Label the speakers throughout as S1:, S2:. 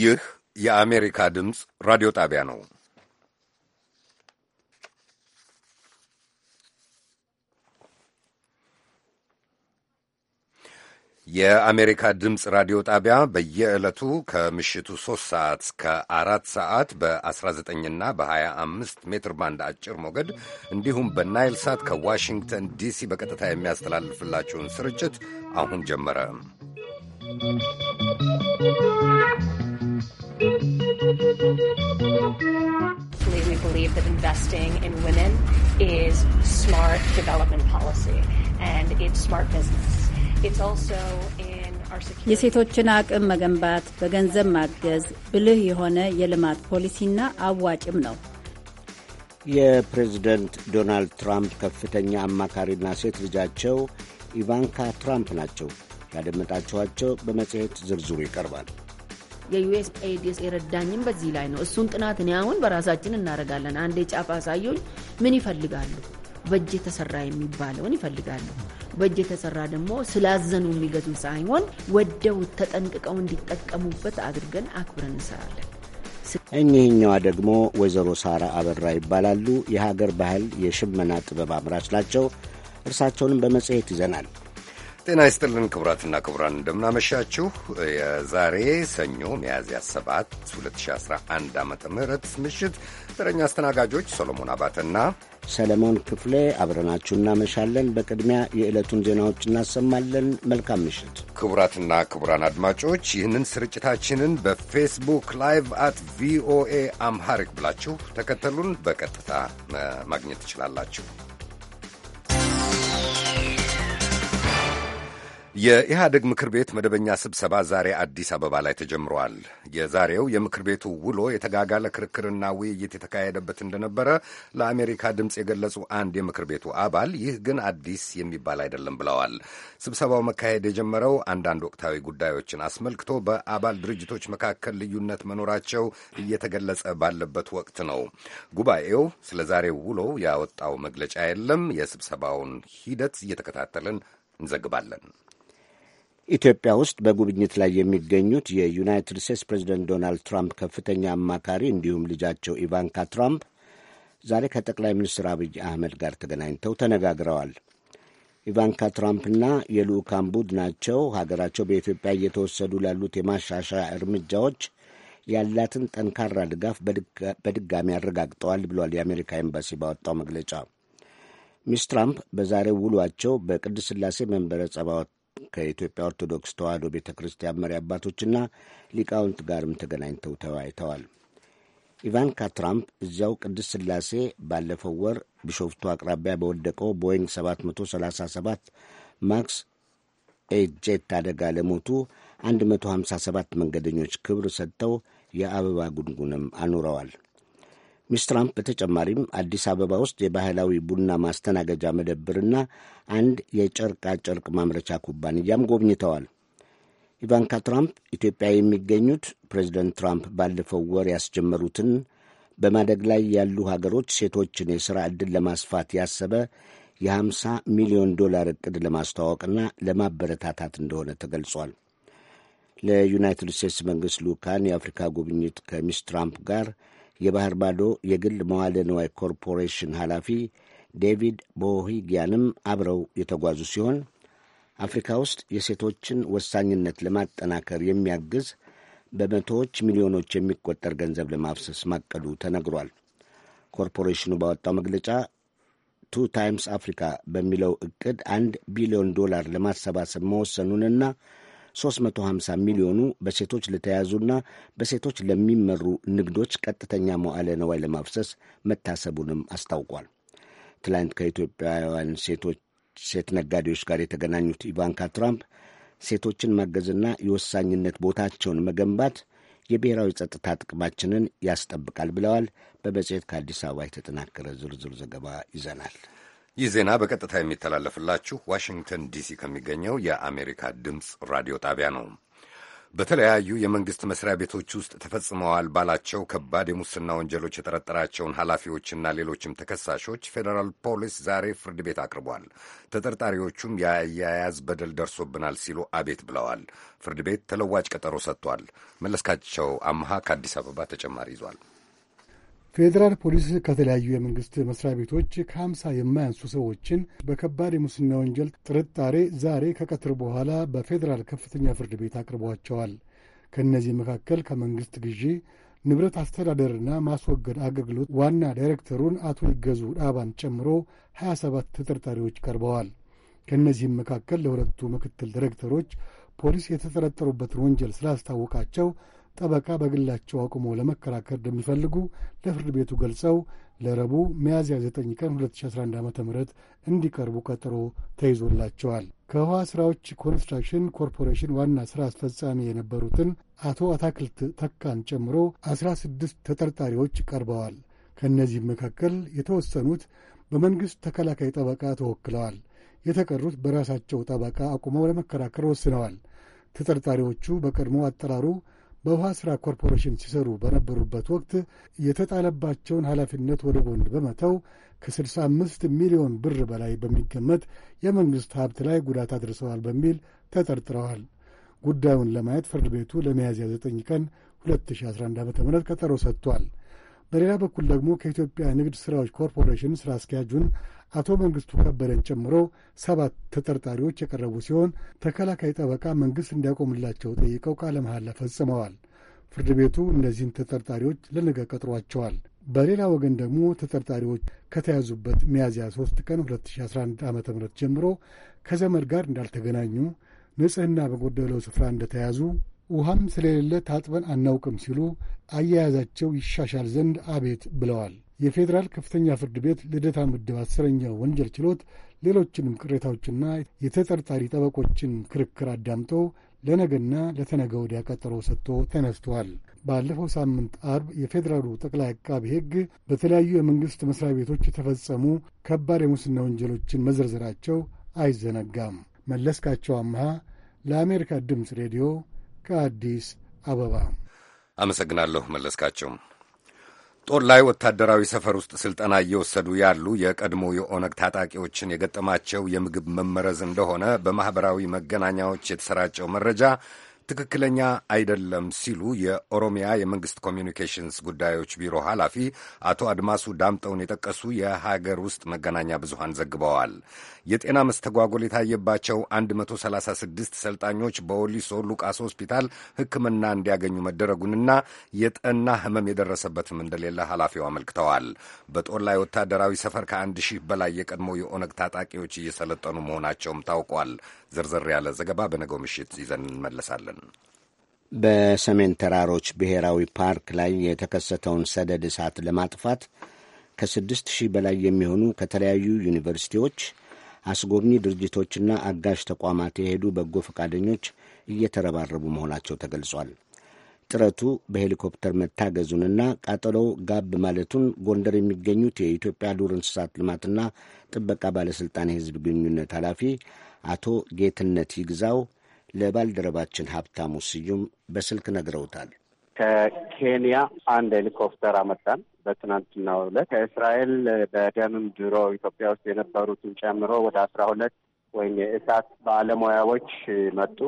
S1: ይህ የአሜሪካ ድምፅ ራዲዮ ጣቢያ ነው። የአሜሪካ ድምፅ ራዲዮ ጣቢያ በየዕለቱ ከምሽቱ 3 ሰዓት እስከ 4 ሰዓት በ19ና በ25 ሜትር ባንድ አጭር ሞገድ እንዲሁም በናይል ሳት ከዋሽንግተን ዲሲ በቀጥታ የሚያስተላልፍላችሁን ስርጭት አሁን ጀመረ።
S2: believe that investing in women is smart development policy and it's smart business. It's also in
S3: የሴቶችን አቅም መገንባት በገንዘብ ማገዝ ብልህ የሆነ የልማት ፖሊሲና አዋጭም ነው።
S4: የፕሬዝደንት ዶናልድ ትራምፕ ከፍተኛ አማካሪና ሴት ልጃቸው ኢቫንካ ትራምፕ ናቸው። ያደመጣችኋቸው በመጽሔት ዝርዝሩ ይቀርባል።
S5: የዩኤስ ኤድስ የረዳኝም በዚህ ላይ ነው። እሱን ጥናት እኔ አሁን በራሳችን እናደርጋለን። አንድ የጫፍ አሳዩኝ። ምን ይፈልጋሉ? በእጅ የተሰራ የሚባለውን ይፈልጋሉ። በእጅ የተሰራ ደግሞ ስላዘኑ የሚገዙ ሳይሆን ወደው ተጠንቅቀው እንዲጠቀሙበት አድርገን አክብረን እንሰራለን።
S4: እኚህኛዋ ደግሞ ወይዘሮ ሳራ አበራ ይባላሉ። የሀገር ባህል የሽመና ጥበብ አምራች ናቸው። እርሳቸውንም በመጽሔት ይዘናል።
S1: ጤና ይስጥልን ክቡራትና ክቡራን፣ እንደምናመሻችሁ። የዛሬ ሰኞ ሚያዝያ 7 2011 ዓ ም ምሽት ተረኛ አስተናጋጆች ሰሎሞን አባተና ሰለሞን ክፍሌ
S4: አብረናችሁ እናመሻለን። በቅድሚያ የዕለቱን ዜናዎች እናሰማለን። መልካም ምሽት
S1: ክቡራትና ክቡራን አድማጮች። ይህንን ስርጭታችንን በፌስቡክ ላይቭ አት ቪኦኤ አምሃሪክ ብላችሁ ተከተሉን፣ በቀጥታ ማግኘት ትችላላችሁ። የኢህአደግ ምክር ቤት መደበኛ ስብሰባ ዛሬ አዲስ አበባ ላይ ተጀምሯል። የዛሬው የምክር ቤቱ ውሎ የተጋጋለ ክርክርና ውይይት የተካሄደበት እንደነበረ ለአሜሪካ ድምፅ የገለጹ አንድ የምክር ቤቱ አባል ይህ ግን አዲስ የሚባል አይደለም ብለዋል። ስብሰባው መካሄድ የጀመረው አንዳንድ ወቅታዊ ጉዳዮችን አስመልክቶ በአባል ድርጅቶች መካከል ልዩነት መኖራቸው እየተገለጸ ባለበት ወቅት ነው። ጉባኤው ስለ ዛሬው ውሎ ያወጣው መግለጫ የለም። የስብሰባውን ሂደት እየተከታተልን እንዘግባለን።
S4: ኢትዮጵያ ውስጥ በጉብኝት ላይ የሚገኙት የዩናይትድ ስቴትስ ፕሬዚደንት ዶናልድ ትራምፕ ከፍተኛ አማካሪ እንዲሁም ልጃቸው ኢቫንካ ትራምፕ ዛሬ ከጠቅላይ ሚኒስትር አብይ አህመድ ጋር ተገናኝተው ተነጋግረዋል። ኢቫንካ ትራምፕና የልዑካን ቡድናቸው ሀገራቸው በኢትዮጵያ እየተወሰዱ ላሉት የማሻሻያ እርምጃዎች ያላትን ጠንካራ ድጋፍ በድጋሚ አረጋግጠዋል ብሏል የአሜሪካ ኤምባሲ ባወጣው መግለጫ። ሚስ ትራምፕ በዛሬው ውሏቸው በቅድስት ሥላሴ መንበረ ጸባዖት ከኢትዮጵያ ኦርቶዶክስ ተዋሕዶ ቤተ ክርስቲያን መሪ አባቶችና ሊቃውንት ጋርም ተገናኝተው ተወያይተዋል። ኢቫንካ ትራምፕ እዚያው ቅድስት ስላሴ ባለፈው ወር ቢሾፍቱ አቅራቢያ በወደቀው ቦይንግ 737 ማክስ ኤት ጄት አደጋ ለሞቱ 157 መንገደኞች ክብር ሰጥተው የአበባ ጉንጉንም አኑረዋል። ሚስ ትራምፕ በተጨማሪም አዲስ አበባ ውስጥ የባህላዊ ቡና ማስተናገጃ መደብርና አንድ የጨርቃ ጨርቅ ማምረቻ ኩባንያም ጎብኝተዋል። ኢቫንካ ትራምፕ ኢትዮጵያ የሚገኙት ፕሬዚደንት ትራምፕ ባለፈው ወር ያስጀመሩትን በማደግ ላይ ያሉ ሀገሮች ሴቶችን የሥራ ዕድል ለማስፋት ያሰበ የ50 ሚሊዮን ዶላር ዕቅድ ለማስተዋወቅና ለማበረታታት እንደሆነ ተገልጿል። ለዩናይትድ ስቴትስ መንግሥት ልዑካን የአፍሪካ ጉብኝት ከሚስ ትራምፕ ጋር የባህር ባዶ የግል መዋለ ንዋይ ኮርፖሬሽን ኃላፊ ዴቪድ ቦሂጊያንም አብረው የተጓዙ ሲሆን አፍሪካ ውስጥ የሴቶችን ወሳኝነት ለማጠናከር የሚያግዝ በመቶዎች ሚሊዮኖች የሚቆጠር ገንዘብ ለማፍሰስ ማቀዱ ተነግሯል። ኮርፖሬሽኑ ባወጣው መግለጫ ቱ ታይምስ አፍሪካ በሚለው እቅድ አንድ ቢሊዮን ዶላር ለማሰባሰብ መወሰኑንና 350 ሚሊዮኑ በሴቶች ለተያዙና በሴቶች ለሚመሩ ንግዶች ቀጥተኛ መዋለ ነዋይ ለማፍሰስ መታሰቡንም አስታውቋል። ትላንት ከኢትዮጵያውያን ሴቶች ሴት ነጋዴዎች ጋር የተገናኙት ኢቫንካ ትራምፕ ሴቶችን ማገዝና የወሳኝነት ቦታቸውን መገንባት የብሔራዊ ጸጥታ ጥቅማችንን ያስጠብቃል ብለዋል። በመጽሔት ከአዲስ አበባ የተጠናከረ ዝርዝር ዘገባ ይዘናል።
S1: ይህ ዜና በቀጥታ የሚተላለፍላችሁ ዋሽንግተን ዲሲ ከሚገኘው የአሜሪካ ድምፅ ራዲዮ ጣቢያ ነው። በተለያዩ የመንግሥት መስሪያ ቤቶች ውስጥ ተፈጽመዋል ባላቸው ከባድ የሙስና ወንጀሎች የጠረጠራቸውን ኃላፊዎችና ሌሎችም ተከሳሾች ፌዴራል ፖሊስ ዛሬ ፍርድ ቤት አቅርቧል። ተጠርጣሪዎቹም የአያያዝ በደል ደርሶብናል ሲሉ አቤት ብለዋል። ፍርድ ቤት ተለዋጭ ቀጠሮ ሰጥቷል። መለስካቸው አምሃ ከአዲስ አበባ ተጨማሪ ይዟል።
S6: ፌዴራል ፖሊስ ከተለያዩ የመንግሥት መሥሪያ ቤቶች ከሀምሳ የማያንሱ ሰዎችን በከባድ የሙስና ወንጀል ጥርጣሬ ዛሬ ከቀትር በኋላ በፌዴራል ከፍተኛ ፍርድ ቤት አቅርቧቸዋል። ከእነዚህ መካከል ከመንግሥት ግዢ ንብረት አስተዳደርና ማስወገድ አገልግሎት ዋና ዳይሬክተሩን አቶ ይገዙ ዳባን ጨምሮ 27 ተጠርጣሪዎች ቀርበዋል። ከእነዚህም መካከል ለሁለቱ ምክትል ዳይሬክተሮች ፖሊስ የተጠረጠሩበትን ወንጀል ስላስታወቃቸው ጠበቃ በግላቸው አቁመው ለመከራከር እንደሚፈልጉ ለፍርድ ቤቱ ገልጸው ለረቡዕ ሚያዝያ 9 ቀን 2011 ዓ ም እንዲቀርቡ ቀጠሮ ተይዞላቸዋል። ከውሃ ሥራዎች ኮንስትራክሽን ኮርፖሬሽን ዋና ሥራ አስፈጻሚ የነበሩትን አቶ አታክልት ተካን ጨምሮ 16 ተጠርጣሪዎች ቀርበዋል። ከእነዚህም መካከል የተወሰኑት በመንግሥት ተከላካይ ጠበቃ ተወክለዋል። የተቀሩት በራሳቸው ጠበቃ አቁመው ለመከራከር ወስነዋል። ተጠርጣሪዎቹ በቀድሞ አጠራሩ በውሃ ሥራ ኮርፖሬሽን ሲሰሩ በነበሩበት ወቅት የተጣለባቸውን ኃላፊነት ወደ ጎን በመተው ከ65 ሚሊዮን ብር በላይ በሚገመት የመንግሥት ሀብት ላይ ጉዳት አድርሰዋል በሚል ተጠርጥረዋል። ጉዳዩን ለማየት ፍርድ ቤቱ ለሚያዝያ 9 ቀን 2011 ዓ ም ቀጠሮ ሰጥቷል። በሌላ በኩል ደግሞ ከኢትዮጵያ ንግድ ሥራዎች ኮርፖሬሽን ሥራ አስኪያጁን አቶ መንግስቱ ከበደን ጨምሮ ሰባት ተጠርጣሪዎች የቀረቡ ሲሆን ተከላካይ ጠበቃ መንግሥት እንዲያቆምላቸው ጠይቀው ቃለ መሐላ ፈጽመዋል። ፍርድ ቤቱ እነዚህን ተጠርጣሪዎች ለነገ ቀጥሯቸዋል። በሌላ ወገን ደግሞ ተጠርጣሪዎች ከተያዙበት ሚያዝያ 3 ቀን 2011 ዓ ም ጀምሮ ከዘመድ ጋር እንዳልተገናኙ፣ ንጽህና በጎደለው ስፍራ እንደተያዙ፣ ውሃም ስለሌለ ታጥበን አናውቅም ሲሉ አያያዛቸው ይሻሻል ዘንድ አቤት ብለዋል። የፌዴራል ከፍተኛ ፍርድ ቤት ልደታ ምድብ አስረኛ ወንጀል ችሎት ሌሎችንም ቅሬታዎችና የተጠርጣሪ ጠበቆችን ክርክር አዳምጦ ለነገና ለተነገ ወዲያ ቀጠሮ ሰጥቶ ተነስቷል። ባለፈው ሳምንት አርብ የፌዴራሉ ጠቅላይ አቃቢ ሕግ በተለያዩ የመንግሥት መሥሪያ ቤቶች የተፈጸሙ ከባድ የሙስና ወንጀሎችን መዘርዘራቸው አይዘነጋም። መለስካቸው አምሃ ለአሜሪካ ድምፅ ሬዲዮ ከአዲስ አበባ
S1: አመሰግናለሁ መለስካቸው። ጦር ላይ ወታደራዊ ሰፈር ውስጥ ስልጠና እየወሰዱ ያሉ የቀድሞ የኦነግ ታጣቂዎችን የገጠማቸው የምግብ መመረዝ እንደሆነ በማኅበራዊ መገናኛዎች የተሰራጨው መረጃ ትክክለኛ አይደለም ሲሉ የኦሮሚያ የመንግስት ኮሚዩኒኬሽንስ ጉዳዮች ቢሮ ኃላፊ አቶ አድማሱ ዳምጠውን የጠቀሱ የሀገር ውስጥ መገናኛ ብዙሃን ዘግበዋል። የጤና መስተጓጎል የታየባቸው 136 ሰልጣኞች በወሊሶ ሉቃስ ሆስፒታል ሕክምና እንዲያገኙ መደረጉንና የጠና ህመም የደረሰበትም እንደሌለ ኃላፊው አመልክተዋል። በጦር ላይ ወታደራዊ ሰፈር ከአንድ ሺህ በላይ የቀድሞ የኦነግ ታጣቂዎች እየሰለጠኑ መሆናቸውም ታውቋል። ዘርዘር ያለ ዘገባ በነገው ምሽት ይዘን እንመለሳለን።
S4: በሰሜን ተራሮች ብሔራዊ ፓርክ ላይ የተከሰተውን ሰደድ እሳት ለማጥፋት ከስድስት ሺህ በላይ የሚሆኑ ከተለያዩ ዩኒቨርሲቲዎች አስጎብኚ ድርጅቶችና አጋዥ ተቋማት የሄዱ በጎ ፈቃደኞች እየተረባረቡ መሆናቸው ተገልጿል። ጥረቱ በሄሊኮፕተር መታገዙንና ቃጠሎው ጋብ ማለቱን ጎንደር የሚገኙት የኢትዮጵያ ዱር እንስሳት ልማትና ጥበቃ ባለሥልጣን የሕዝብ ግንኙነት ኃላፊ አቶ ጌትነት ይግዛው ለባልደረባችን ሀብታሙ ስዩም በስልክ ነግረውታል።
S7: ከኬንያ አንድ ሄሊኮፕተር አመጣን። በትናንትናው ዕለት ከእስራኤል በደምም ድሮ ኢትዮጵያ ውስጥ የነበሩትን ጨምሮ ወደ አስራ ሁለት ወይም የእሳት ባለሙያዎች መጡ።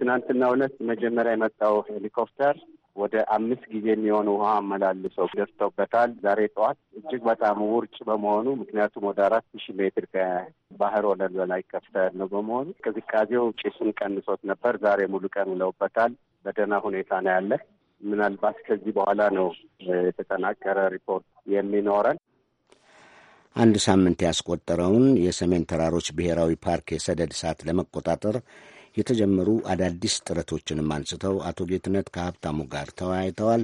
S7: ትናንትናው ዕለት መጀመሪያ የመጣው ሄሊኮፕተር ወደ አምስት ጊዜ የሚሆን ውሃ አመላልሰው ደርሰውበታል። ዛሬ ጠዋት እጅግ በጣም ውርጭ በመሆኑ ምክንያቱም ወደ አራት ሺህ ሜትር ከባህር ወለል በላይ ከፍታ ያለው በመሆኑ ቅዝቃዜው ጭሱን ቀንሶት ነበር። ዛሬ ሙሉ ቀን ውለውበታል። በደህና ሁኔታ ነው ያለ። ምናልባት ከዚህ በኋላ ነው የተጠናቀረ ሪፖርት የሚኖረን።
S4: አንድ ሳምንት ያስቆጠረውን የሰሜን ተራሮች ብሔራዊ ፓርክ የሰደድ እሳት ለመቆጣጠር የተጀመሩ አዳዲስ ጥረቶችንም አንስተው አቶ ጌትነት ከሀብታሙ ጋር ተወያይተዋል።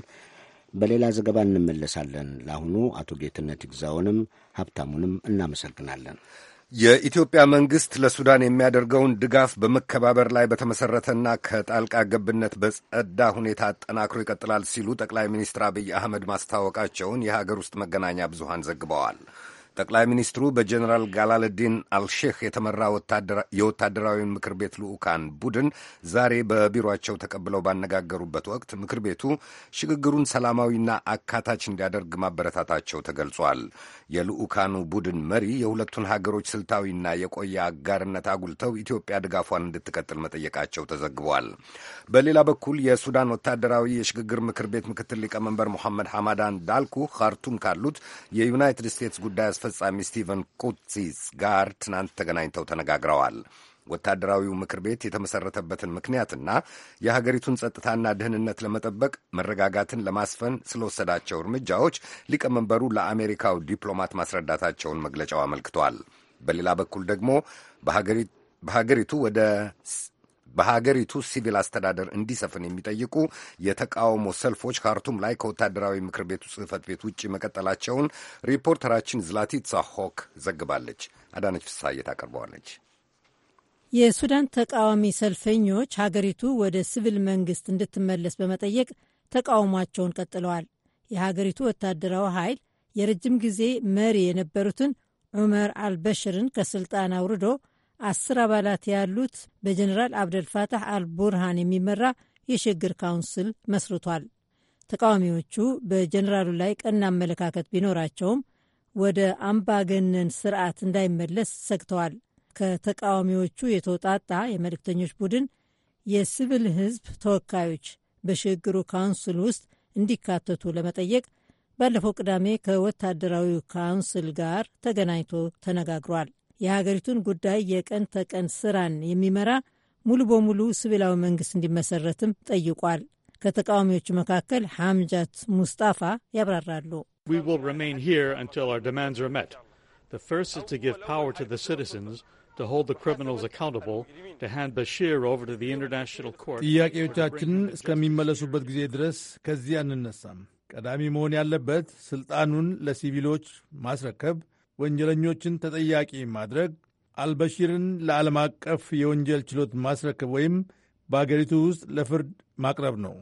S4: በሌላ ዘገባ
S1: እንመለሳለን። ለአሁኑ አቶ ጌትነት ይግዛውንም ሀብታሙንም እናመሰግናለን። የኢትዮጵያ መንግሥት ለሱዳን የሚያደርገውን ድጋፍ በመከባበር ላይ በተመሠረተና ከጣልቃ ገብነት በጸዳ ሁኔታ አጠናክሮ ይቀጥላል ሲሉ ጠቅላይ ሚኒስትር አብይ አህመድ ማስታወቃቸውን የሀገር ውስጥ መገናኛ ብዙሃን ዘግበዋል። ጠቅላይ ሚኒስትሩ በጀኔራል ጋላልዲን አልሼህ የተመራ የወታደራዊ ምክር ቤት ልዑካን ቡድን ዛሬ በቢሮቸው ተቀብለው ባነጋገሩበት ወቅት ምክር ቤቱ ሽግግሩን ሰላማዊና አካታች እንዲያደርግ ማበረታታቸው ተገልጿል። የልዑካኑ ቡድን መሪ የሁለቱን ሀገሮች ስልታዊና የቆየ አጋርነት አጉልተው ኢትዮጵያ ድጋፏን እንድትቀጥል መጠየቃቸው ተዘግቧል። በሌላ በኩል የሱዳን ወታደራዊ የሽግግር ምክር ቤት ምክትል ሊቀመንበር ሙሐመድ ሐማዳን ዳልኩ ካርቱም ካሉት የዩናይትድ ስቴትስ ጉዳይ አስፈጻሚ ስቲቨን ቁትሲስ ጋር ትናንት ተገናኝተው ተነጋግረዋል። ወታደራዊው ምክር ቤት የተመሠረተበትን ምክንያትና የሀገሪቱን ጸጥታና ደህንነት ለመጠበቅ መረጋጋትን ለማስፈን ስለወሰዳቸው እርምጃዎች ሊቀመንበሩ ለአሜሪካው ዲፕሎማት ማስረዳታቸውን መግለጫው አመልክቷል። በሌላ በኩል ደግሞ በሀገሪቱ ወደ በሀገሪቱ ሲቪል አስተዳደር እንዲሰፍን የሚጠይቁ የተቃውሞ ሰልፎች ካርቱም ላይ ከወታደራዊ ምክር ቤቱ ጽህፈት ቤት ውጭ መቀጠላቸውን ሪፖርተራችን ዝላቲትሳ ሆክ ዘግባለች። አዳነች ፍሳየ ታቀርበዋለች።
S8: የሱዳን ተቃዋሚ ሰልፈኞች ሀገሪቱ ወደ ሲቪል መንግስት እንድትመለስ በመጠየቅ ተቃውሟቸውን ቀጥለዋል። የሀገሪቱ ወታደራዊ ኃይል የረጅም ጊዜ መሪ የነበሩትን ዑመር አልበሽርን ከስልጣን አውርዶ አስር አባላት ያሉት በጀኔራል አብደልፋታህ አልቡርሃን የሚመራ የሽግግር ካውንስል መስርቷል። ተቃዋሚዎቹ በጀኔራሉ ላይ ቀና አመለካከት ቢኖራቸውም ወደ አምባገነን ስርዓት እንዳይመለስ ሰግተዋል። ከተቃዋሚዎቹ የተውጣጣ የመልእክተኞች ቡድን የሲቪል ህዝብ ተወካዮች በሽግግሩ ካውንስል ውስጥ እንዲካተቱ ለመጠየቅ ባለፈው ቅዳሜ ከወታደራዊ ካውንስል ጋር ተገናኝቶ ተነጋግሯል። የሀገሪቱን ጉዳይ የቀን ተቀን ስራን የሚመራ ሙሉ በሙሉ ሲቪላዊ መንግስት እንዲመሰረትም ጠይቋል። ከተቃዋሚዎቹ መካከል ሐምጃት ሙስጣፋ ያብራራሉ።
S9: ጥያቄዎቻችንን እስከሚመለሱበት ጊዜ ድረስ ከዚህ አንነሳም። ቀዳሚ መሆን ያለበት ስልጣኑን ለሲቪሎች ማስረከብ ወንጀለኞችን ተጠያቂ ማድረግ፣ አልበሺርን ለዓለም አቀፍ የወንጀል ችሎት ማስረከብ ወይም በአገሪቱ
S10: ውስጥ ለፍርድ ማቅረብ ነው።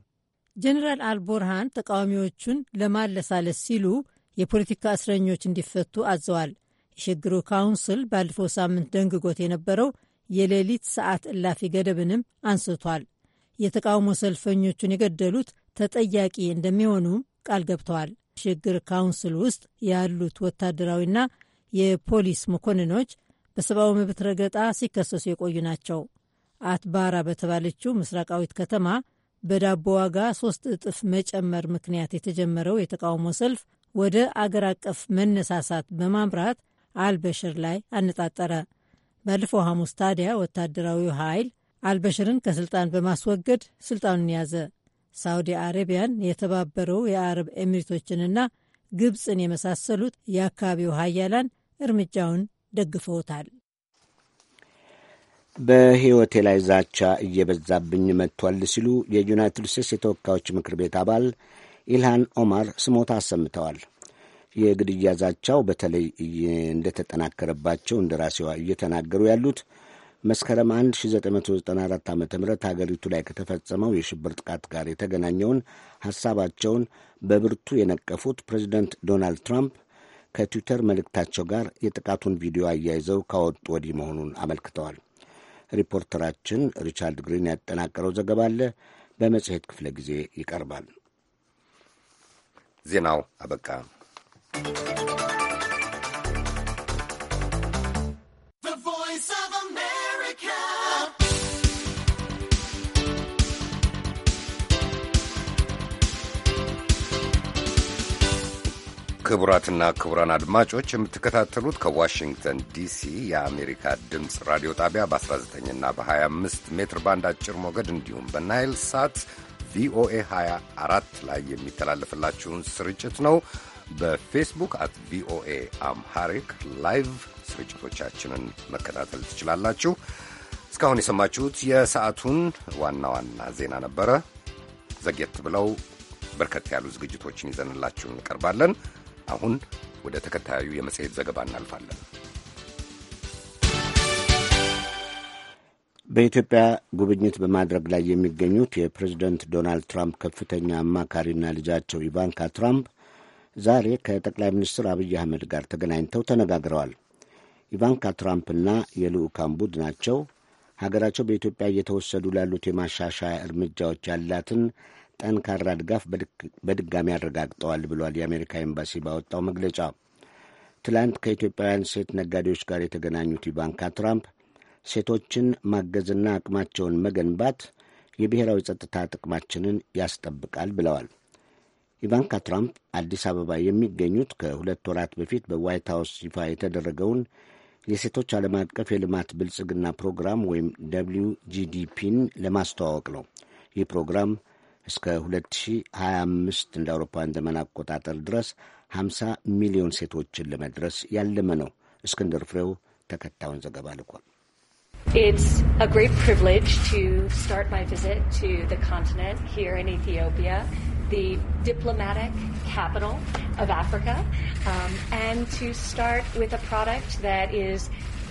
S8: ጀኔራል አልቦርሃን ተቃዋሚዎቹን ለማለሳለስ ሲሉ የፖለቲካ እስረኞች እንዲፈቱ አዘዋል። የሽግግሩ ካውንስል ባለፈው ሳምንት ደንግጎት የነበረው የሌሊት ሰዓት እላፊ ገደብንም አንስቷል። የተቃውሞ ሰልፈኞቹን የገደሉት ተጠያቂ እንደሚሆኑም ቃል ገብተዋል። ሽግግር ካውንስል ውስጥ ያሉት ወታደራዊና የፖሊስ መኮንኖች በሰብአዊ መብት ረገጣ ሲከሰሱ የቆዩ ናቸው። አትባራ በተባለችው ምስራቃዊት ከተማ በዳቦ ዋጋ ሶስት እጥፍ መጨመር ምክንያት የተጀመረው የተቃውሞ ሰልፍ ወደ አገር አቀፍ መነሳሳት በማምራት አልበሽር ላይ አነጣጠረ። ባለፈው ሐሙስ ታዲያ ወታደራዊው ኃይል አልበሽርን ከስልጣን በማስወገድ ስልጣኑን ያዘ። ሳውዲ አረቢያን፣ የተባበረው የአረብ ኤሚሬቶችንና ግብፅን የመሳሰሉት የአካባቢው ሀያላን እርምጃውን ደግፈውታል።
S4: በሕይወቴ ላይ ዛቻ እየበዛብኝ መጥቷል ሲሉ የዩናይትድ ስቴትስ የተወካዮች ምክር ቤት አባል ኢልሃን ኦማር ስሞታ አሰምተዋል። የግድያ ዛቻው በተለይ እንደተጠናከረባቸው ራሴዋ እየተናገሩ ያሉት መስከረም 1994 ዓ ም ሀገሪቱ ላይ ከተፈጸመው የሽብር ጥቃት ጋር የተገናኘውን ሐሳባቸውን በብርቱ የነቀፉት ፕሬዚደንት ዶናልድ ትራምፕ ከትዊተር መልእክታቸው ጋር የጥቃቱን ቪዲዮ አያይዘው ካወጡ ወዲህ መሆኑን አመልክተዋል። ሪፖርተራችን ሪቻርድ ግሪን ያጠናቀረው ዘገባ አለ። በመጽሔት ክፍለ ጊዜ ይቀርባል። ዜናው
S1: አበቃ። ክቡራትና ክቡራን አድማጮች የምትከታተሉት ከዋሽንግተን ዲሲ የአሜሪካ ድምፅ ራዲዮ ጣቢያ በ19ና በ25 ሜትር ባንድ አጭር ሞገድ እንዲሁም በናይል ሳት ቪኦኤ 24 ላይ የሚተላለፍላችሁን ስርጭት ነው። በፌስቡክ አት ቪኦኤ አምሃሪክ ላይቭ ስርጭቶቻችንን መከታተል ትችላላችሁ። እስካሁን የሰማችሁት የሰዓቱን ዋና ዋና ዜና ነበረ። ዘግየት ብለው በርከት ያሉ ዝግጅቶችን ይዘንላችሁ እንቀርባለን። አሁን ወደ ተከታዩ የመጽሔት ዘገባ እናልፋለን።
S4: በኢትዮጵያ ጉብኝት በማድረግ ላይ የሚገኙት የፕሬዝደንት ዶናልድ ትራምፕ ከፍተኛ አማካሪና ልጃቸው ኢቫንካ ትራምፕ ዛሬ ከጠቅላይ ሚኒስትር አብይ አህመድ ጋር ተገናኝተው ተነጋግረዋል። ኢቫንካ ትራምፕና የልዑካን ቡድናቸው ሀገራቸው በኢትዮጵያ እየተወሰዱ ላሉት የማሻሻያ እርምጃዎች ያላትን ጠንካራ ድጋፍ በድጋሚ አረጋግጠዋል ብሏል የአሜሪካ ኤምባሲ ባወጣው መግለጫ። ትላንት ከኢትዮጵያውያን ሴት ነጋዴዎች ጋር የተገናኙት ኢቫንካ ትራምፕ ሴቶችን ማገዝና አቅማቸውን መገንባት የብሔራዊ ጸጥታ ጥቅማችንን ያስጠብቃል ብለዋል። ኢቫንካ ትራምፕ አዲስ አበባ የሚገኙት ከሁለት ወራት በፊት በዋይት ሀውስ ይፋ የተደረገውን የሴቶች ዓለም አቀፍ የልማት ብልጽግና ፕሮግራም ወይም ደብሊዩ ጂዲፒን ለማስተዋወቅ ነው። ይህ ፕሮግራም እስከ 2025 እንደ አውሮፓውያን ዘመን አቆጣጠር ድረስ 50 ሚሊዮን ሴቶችን ለመድረስ ያለመ ነው። እስክንድር ፍሬው ተከታዩን
S2: ዘገባ ልኳል። It's a great privilege to start my visit to the continent here in Ethiopia, the diplomatic capital of Africa, um, and to start with a product that is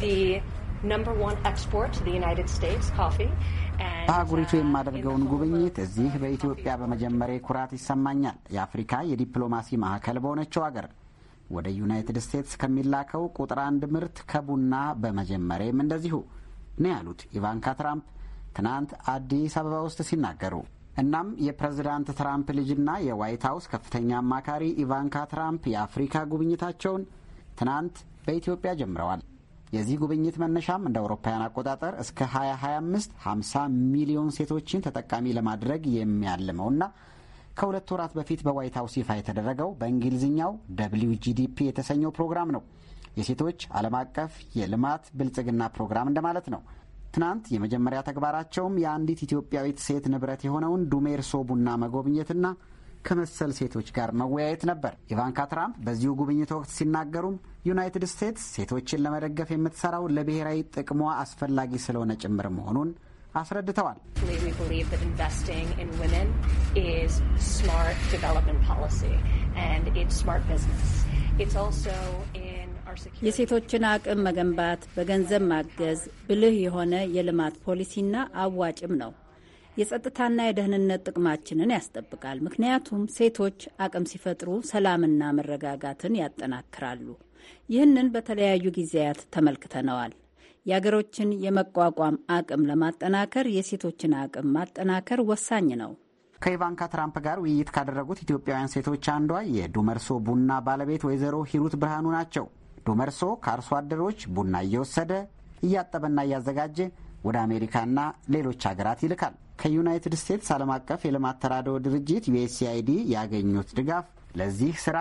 S2: the number one export to the United States, coffee.
S11: በአህጉሪቱ የማደርገውን ጉብኝት እዚህ በኢትዮጵያ በመጀመሬ ኩራት ይሰማኛል። የአፍሪካ የዲፕሎማሲ ማዕከል በሆነችው አገር ወደ ዩናይትድ ስቴትስ ከሚላከው ቁጥር አንድ ምርት ከቡና በመጀመሬም እንደዚሁ ነው ያሉት ኢቫንካ ትራምፕ ትናንት አዲስ አበባ ውስጥ ሲናገሩ። እናም የፕሬዝዳንት ትራምፕ ልጅና የዋይት ሀውስ ከፍተኛ አማካሪ ኢቫንካ ትራምፕ የአፍሪካ ጉብኝታቸውን ትናንት በኢትዮጵያ ጀምረዋል። የዚህ ጉብኝት መነሻም እንደ አውሮፓውያን አቆጣጠር እስከ 2025 50 ሚሊዮን ሴቶችን ተጠቃሚ ለማድረግ የሚያልመውና ከሁለት ወራት በፊት በዋይት ሀውስ ይፋ የተደረገው በእንግሊዝኛው ደብሊው ጂዲፒ የተሰኘው ፕሮግራም ነው። የሴቶች ዓለም አቀፍ የልማት ብልጽግና ፕሮግራም እንደማለት ነው። ትናንት የመጀመሪያ ተግባራቸውም የአንዲት ኢትዮጵያዊት ሴት ንብረት የሆነውን ዱሜርሶ ቡና መጎብኘትና ከመሰል ሴቶች ጋር መወያየት ነበር። ኢቫንካ ትራምፕ በዚሁ ጉብኝት ወቅት ሲናገሩም ዩናይትድ ስቴትስ ሴቶችን ለመደገፍ የምትሰራው ለብሔራዊ ጥቅሟ አስፈላጊ ስለሆነ ጭምር መሆኑን አስረድተዋል።
S3: የሴቶችን አቅም መገንባት፣ በገንዘብ ማገዝ ብልህ የሆነ የልማት ፖሊሲና አዋጭም ነው። የጸጥታና የደህንነት ጥቅማችንን ያስጠብቃል። ምክንያቱም ሴቶች አቅም ሲፈጥሩ ሰላምና መረጋጋትን ያጠናክራሉ። ይህንን በተለያዩ ጊዜያት ተመልክተነዋል። የአገሮችን የመቋቋም አቅም ለማጠናከር የሴቶችን አቅም ማጠናከር ወሳኝ ነው። ከኢቫንካ ትራምፕ ጋር ውይይት ካደረጉት ኢትዮጵያውያን ሴቶች አንዷ
S11: የዱመርሶ ቡና ባለቤት ወይዘሮ ሂሩት ብርሃኑ ናቸው። ዱመርሶ ከአርሶ አደሮች ቡና እየወሰደ እያጠበና እያዘጋጀ ወደ አሜሪካና ሌሎች ሀገራት ይልካል። ከዩናይትድ ስቴትስ ዓለም አቀፍ የልማት ተራድኦ ድርጅት ዩኤስኤአይዲ ያገኙት ድጋፍ ለዚህ ስራ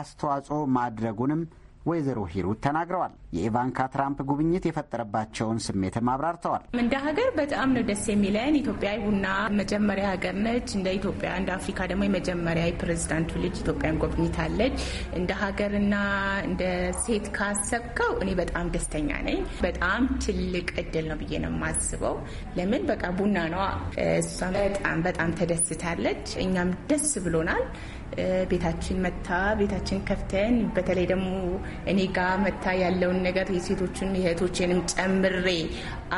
S11: አስተዋጽኦ ማድረጉንም ወይዘሮ ሂሩት ተናግረዋል። የኢቫንካ ትራምፕ ጉብኝት የፈጠረባቸውን ስሜትም አብራርተዋል።
S5: እንደ ሀገር በጣም ነው ደስ የሚለን። ኢትዮጵያ ቡና መጀመሪያ ሀገር ነች። እንደ ኢትዮጵያ እንደ አፍሪካ ደግሞ የመጀመሪያ የፕሬዚዳንቱ ልጅ ኢትዮጵያን ጎብኝታለች። እንደ ሀገርና እንደ ሴት ካሰብከው እኔ በጣም ደስተኛ ነኝ። በጣም ትልቅ እድል ነው ብዬ ነው የማስበው። ለምን በቃ ቡና ነዋ። እሷ በጣም በጣም ተደስታለች። እኛም ደስ ብሎናል። ቤታችን መታ ቤታችን ከፍተን በተለይ ደግሞ እኔ ጋ መታ ያለውን ነገር የሴቶችን የእህቶችንም ጨምሬ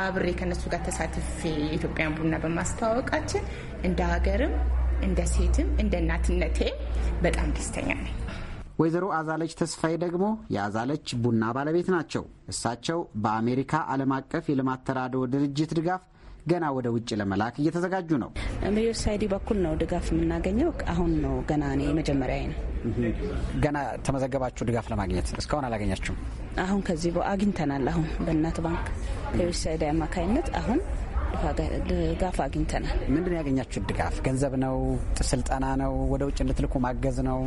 S5: አብሬ ከነሱ ጋር ተሳትፌ የኢትዮጵያን ቡና በማስተዋወቃችን እንደ ሀገርም እንደ ሴትም እንደ እናትነቴ በጣም ደስተኛ ነኝ።
S11: ወይዘሮ አዛለች ተስፋዬ ደግሞ የአዛለች ቡና ባለቤት ናቸው። እሳቸው በአሜሪካ ዓለም አቀፍ የልማት ተራድኦ ድርጅት ድጋፍ ገና ወደ ውጭ ለመላክ እየተዘጋጁ ነው።
S3: በዩኤስአይዲ በኩል ነው ድጋፍ የምናገኘው። አሁን ነው ገና እኔ መጀመሪያ ነው።
S11: ገና ተመዘገባችሁ ድጋፍ ለማግኘት? እስካሁን አላገኛችሁም?
S3: አሁን ከዚህ አግኝተናል። አሁን በእናት ባንክ በዩኤስአይዲ አማካኝነት አሁን ድጋፍ አግኝተናል። ምንድን ነው
S11: ያገኛችሁት ድጋፍ? ገንዘብ ነው? ስልጠና ነው? ወደ ውጭ እንድትልኩ ማገዝ ነው?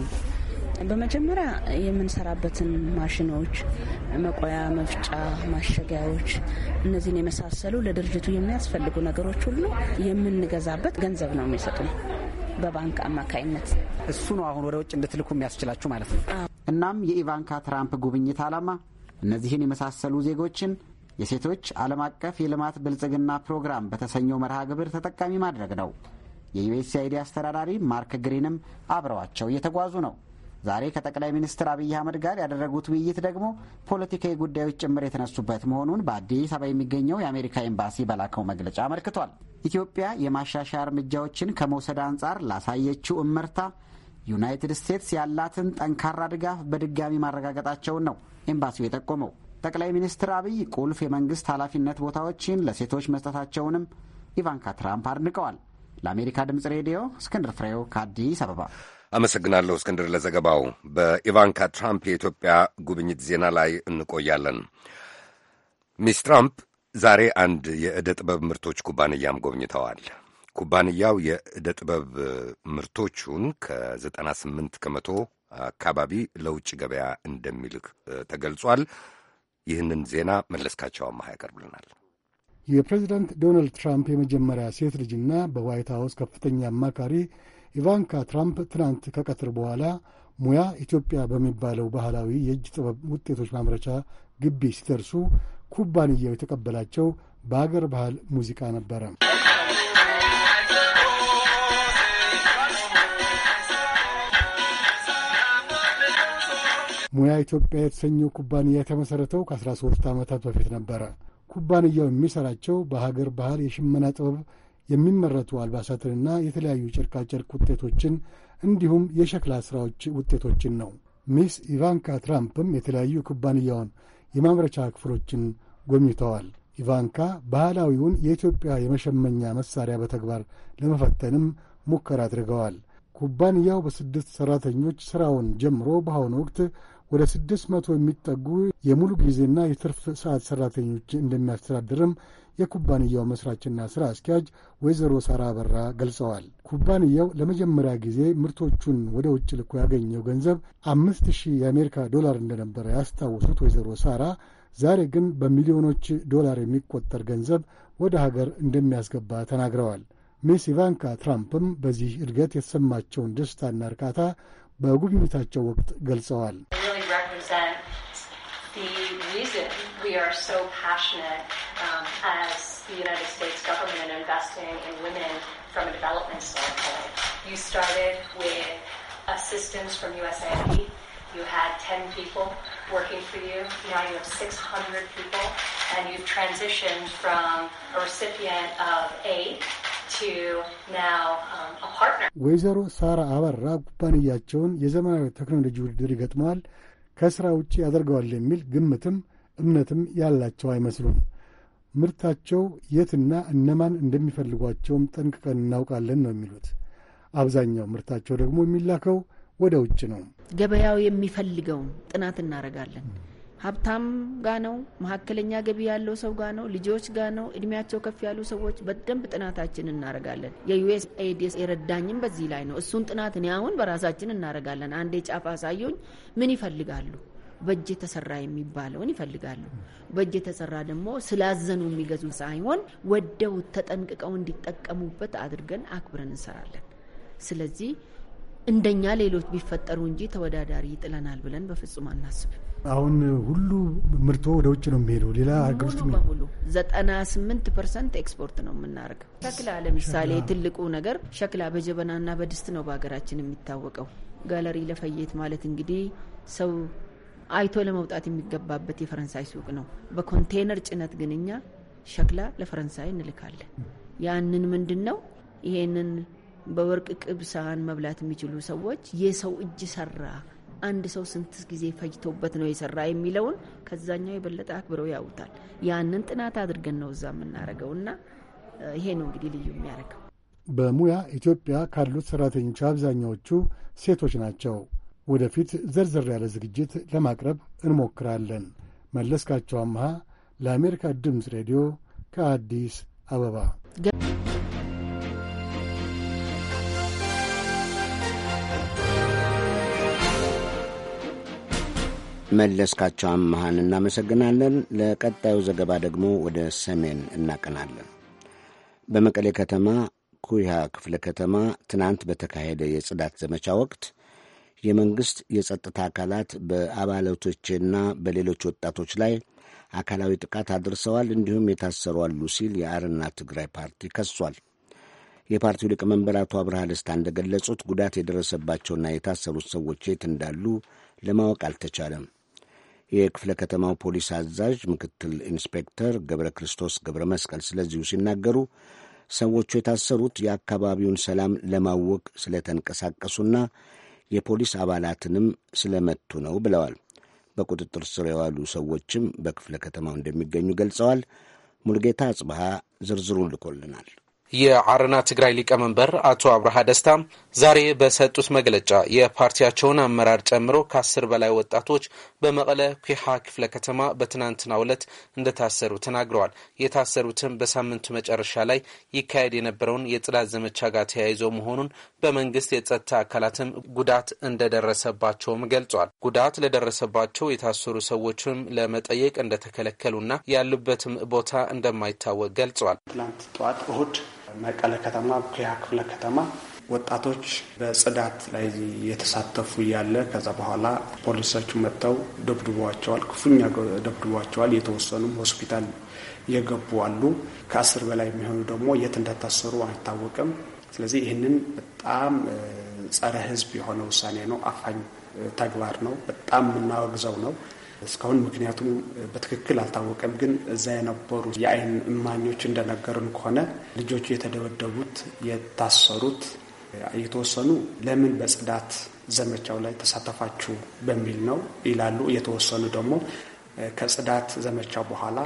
S3: በመጀመሪያ የምንሰራበትን ማሽኖች፣ መቆያ፣ መፍጫ፣ ማሸጊያዎች እነዚህን የመሳሰሉ ለድርጅቱ የሚያስፈልጉ ነገሮች ሁሉ የምንገዛበት
S5: ገንዘብ ነው የሚሰጡን በባንክ አማካይነት።
S11: እሱ ነው አሁን ወደ ውጭ እንድትልኩ የሚያስችላችሁ ማለት ነው። እናም የኢቫንካ ትራምፕ ጉብኝት ዓላማ እነዚህን የመሳሰሉ ዜጎችን የሴቶች ዓለም አቀፍ የልማት ብልጽግና ፕሮግራም በተሰኘው መርሃ ግብር ተጠቃሚ ማድረግ ነው። የዩኤስአይዲ አስተዳዳሪ ማርክ ግሪንም አብረዋቸው እየተጓዙ ነው። ዛሬ ከጠቅላይ ሚኒስትር አብይ አህመድ ጋር ያደረጉት ውይይት ደግሞ ፖለቲካዊ ጉዳዮች ጭምር የተነሱበት መሆኑን በአዲስ አበባ የሚገኘው የአሜሪካ ኤምባሲ በላከው መግለጫ አመልክቷል። ኢትዮጵያ የማሻሻያ እርምጃዎችን ከመውሰድ አንጻር ላሳየችው እመርታ ዩናይትድ ስቴትስ ያላትን ጠንካራ ድጋፍ በድጋሚ ማረጋገጣቸውን ነው ኤምባሲው የጠቆመው። ጠቅላይ ሚኒስትር አብይ ቁልፍ የመንግስት ኃላፊነት ቦታዎችን ለሴቶች መስጠታቸውንም ኢቫንካ ትራምፕ አድንቀዋል። ለአሜሪካ ድምፅ ሬዲዮ እስክንድር ፍሬው ከአዲስ አበባ
S1: አመሰግናለሁ እስክንድር ለዘገባው። በኢቫንካ ትራምፕ የኢትዮጵያ ጉብኝት ዜና ላይ እንቆያለን። ሚስ ትራምፕ ዛሬ አንድ የዕደ ጥበብ ምርቶች ኩባንያም ጎብኝተዋል። ኩባንያው የዕደ ጥበብ ምርቶቹን ከ98 ከመቶ አካባቢ ለውጭ ገበያ እንደሚልክ ተገልጿል። ይህንን ዜና መለስካቸው አማሃ ያቀርብልናል።
S6: የፕሬዚዳንት ዶናልድ ትራምፕ የመጀመሪያ ሴት ልጅና በዋይት ሀውስ ከፍተኛ አማካሪ ኢቫንካ ትራምፕ ትናንት ከቀትር በኋላ ሙያ ኢትዮጵያ በሚባለው ባህላዊ የእጅ ጥበብ ውጤቶች ማምረቻ ግቢ ሲደርሱ ኩባንያው የተቀበላቸው በአገር ባህል ሙዚቃ ነበረ። ሙያ ኢትዮጵያ የተሰኘው ኩባንያ የተመሠረተው ከ13 ዓመታት በፊት ነበረ። ኩባንያው የሚሠራቸው በሀገር ባህል የሽመና ጥበብ የሚመረቱ አልባሳትንና የተለያዩ ጨርቃጨርቅ ውጤቶችን እንዲሁም የሸክላ ሥራዎች ውጤቶችን ነው። ሚስ ኢቫንካ ትራምፕም የተለያዩ ኩባንያውን የማምረቻ ክፍሎችን ጎብኝተዋል። ኢቫንካ ባህላዊውን የኢትዮጵያ የመሸመኛ መሣሪያ በተግባር ለመፈተንም ሙከራ አድርገዋል። ኩባንያው በስድስት ሠራተኞች ሥራውን ጀምሮ በአሁኑ ወቅት ወደ ስድስት መቶ የሚጠጉ የሙሉ ጊዜና የትርፍ ሰዓት ሠራተኞች እንደሚያስተዳድርም የኩባንያው መሥራችና ሥራ አስኪያጅ ወይዘሮ ሳራ በራ ገልጸዋል። ኩባንያው ለመጀመሪያ ጊዜ ምርቶቹን ወደ ውጭ ልኮ ያገኘው ገንዘብ አምስት ሺህ የአሜሪካ ዶላር እንደነበረ ያስታወሱት ወይዘሮ ሳራ ዛሬ ግን በሚሊዮኖች ዶላር የሚቆጠር ገንዘብ ወደ ሀገር እንደሚያስገባ ተናግረዋል። ሚስ ኢቫንካ ትራምፕም በዚህ እድገት የተሰማቸውን ደስታና እርካታ በጉብኝታቸው ወቅት ገልጸዋል።
S2: represent the reason we are so passionate um, as the United States government in investing in women from a development standpoint. You started with assistance from USAID. You had 10 people working for you. Now you have 600 people, and you've transitioned from a recipient of aid to now um,
S6: a partner. ወይዘሮ ሳራ አበራ ኩባንያቸውን የዘመናዊ ቴክኖሎጂ ውድድር ይገጥመዋል ከሥራ ውጭ ያደርገዋል የሚል ግምትም እምነትም ያላቸው አይመስሉም። ምርታቸው የትና እነማን እንደሚፈልጓቸውም ጠንቅቀን እናውቃለን ነው የሚሉት። አብዛኛው ምርታቸው ደግሞ የሚላከው ወደ ውጭ ነው።
S5: ገበያው የሚፈልገውን ጥናት እናደርጋለን። ሀብታም ጋ ነው፣ መካከለኛ ገቢ ያለው ሰው ጋ ነው፣ ልጆች ጋ ነው፣ እድሜያቸው ከፍ ያሉ ሰዎች በደንብ ጥናታችን እናደርጋለን። የዩኤስ ኤዲስ የረዳኝም በዚህ ላይ ነው። እሱን ጥናት እኔ አሁን በራሳችን እናደርጋለን። አንዴ ጫፍ አሳየኝ ምን ይፈልጋሉ? በእጅ የተሰራ የሚባለውን ይፈልጋሉ። በእጅ የተሰራ ደግሞ ስላዘኑ የሚገዙ ሳይሆን ወደው ተጠንቅቀው እንዲጠቀሙበት አድርገን አክብረን እንሰራለን። ስለዚህ እንደኛ ሌሎች ቢፈጠሩ እንጂ ተወዳዳሪ ይጥለናል ብለን በፍጹም አናስብም።
S6: አሁን ሁሉ ምርቶ ወደ ውጭ ነው የሚሄደው። ሌላ ሀገር ውስጥ በሙሉ
S5: ዘጠና ስምንት ፐርሰንት ኤክስፖርት ነው የምናደርገው። ሸክላ ለምሳሌ ትልቁ ነገር ሸክላ በጀበናና በድስት ነው በሀገራችን የሚታወቀው። ጋለሪ ለፈየት ማለት እንግዲህ ሰው አይቶ ለመውጣት የሚገባበት የፈረንሳይ ሱቅ ነው። በኮንቴነር ጭነት ግን እኛ ሸክላ ለፈረንሳይ እንልካለን። ያንን ምንድን ነው ይሄንን በወርቅ ቅብ ሳህን መብላት የሚችሉ ሰዎች የሰው እጅ ሰራ አንድ ሰው ስንት ጊዜ ፈጅቶበት ነው የሰራ የሚለውን ከዛኛው የበለጠ አክብረው ያውታል። ያንን ጥናት አድርገን ነው እዛ የምናደርገው እና ይሄ ነው እንግዲህ ልዩ የሚያደርገው።
S6: በሙያ ኢትዮጵያ ካሉት ሰራተኞች አብዛኛዎቹ ሴቶች ናቸው። ወደፊት ዘርዘር ያለ ዝግጅት ለማቅረብ እንሞክራለን። መለስካቸው አምሃ ለአሜሪካ ድምፅ ሬዲዮ ከአዲስ አበባ
S4: መለስካቸው አመሃን እናመሰግናለን። ለቀጣዩ ዘገባ ደግሞ ወደ ሰሜን እናቀናለን። በመቀሌ ከተማ ኩያ ክፍለ ከተማ ትናንት በተካሄደ የጽዳት ዘመቻ ወቅት የመንግሥት የጸጥታ አካላት በአባላቶችና በሌሎች ወጣቶች ላይ አካላዊ ጥቃት አድርሰዋል፣ እንዲሁም የታሰሩ አሉ ሲል የአርና ትግራይ ፓርቲ ከሷል። የፓርቲው ሊቀመንበር አቶ አብርሃ ደስታ እንደገለጹት ጉዳት የደረሰባቸውና የታሰሩት ሰዎች የት እንዳሉ ለማወቅ አልተቻለም። የክፍለ ከተማው ፖሊስ አዛዥ ምክትል ኢንስፔክተር ገብረ ክርስቶስ ገብረ መስቀል ስለዚሁ ሲናገሩ ሰዎቹ የታሰሩት የአካባቢውን ሰላም ለማወቅ ስለተንቀሳቀሱና የፖሊስ አባላትንም ስለመቱ ነው ብለዋል። በቁጥጥር ስር የዋሉ ሰዎችም በክፍለ ከተማው እንደሚገኙ ገልጸዋል። ሙልጌታ አጽብሃ ዝርዝሩን ልኮልናል።
S12: የአረና ትግራይ ሊቀመንበር አቶ አብርሃ ደስታ ዛሬ በሰጡት መግለጫ የፓርቲያቸውን አመራር ጨምሮ ከአስር በላይ ወጣቶች በመቀለ ኩሓ ክፍለ ከተማ በትናንትናው ዕለት እንደታሰሩ ተናግረዋል። የታሰሩትም በሳምንቱ መጨረሻ ላይ ይካሄድ የነበረውን የጽዳት ዘመቻ ጋር ተያይዞ መሆኑን በመንግስት የጸጥታ አካላትም ጉዳት እንደደረሰባቸውም ገልጿል። ጉዳት ለደረሰባቸው የታሰሩ ሰዎችም ለመጠየቅ እንደተከለከሉና ያሉበትም ቦታ እንደማይታወቅ ገልጿል። ትናንት ጠዋት እሁድ መቀለ ከተማ፣ ኩያ ክፍለ ከተማ ወጣቶች
S13: በጽዳት ላይ የተሳተፉ እያለ ከዛ በኋላ ፖሊሶቹ መጥተው ደብድቧቸዋል፣ ክፉኛ ደብድቧቸዋል። የተወሰኑም ሆስፒታል የገቡ አሉ። ከአስር በላይ የሚሆኑ ደግሞ የት እንደታሰሩ አይታወቅም። ስለዚህ ይህንን በጣም ጸረ ሕዝብ የሆነ ውሳኔ ነው። አፋኝ ተግባር ነው። በጣም የምናወግዘው ነው። እስካሁን ምክንያቱም በትክክል አልታወቀም። ግን እዛ የነበሩ የአይን እማኞች እንደነገሩን ከሆነ ልጆቹ የተደበደቡት የታሰሩት የተወሰኑ ለምን በጽዳት ዘመቻው ላይ ተሳተፋችሁ በሚል ነው ይላሉ። የተወሰኑ ደግሞ ከጽዳት ዘመቻው በኋላ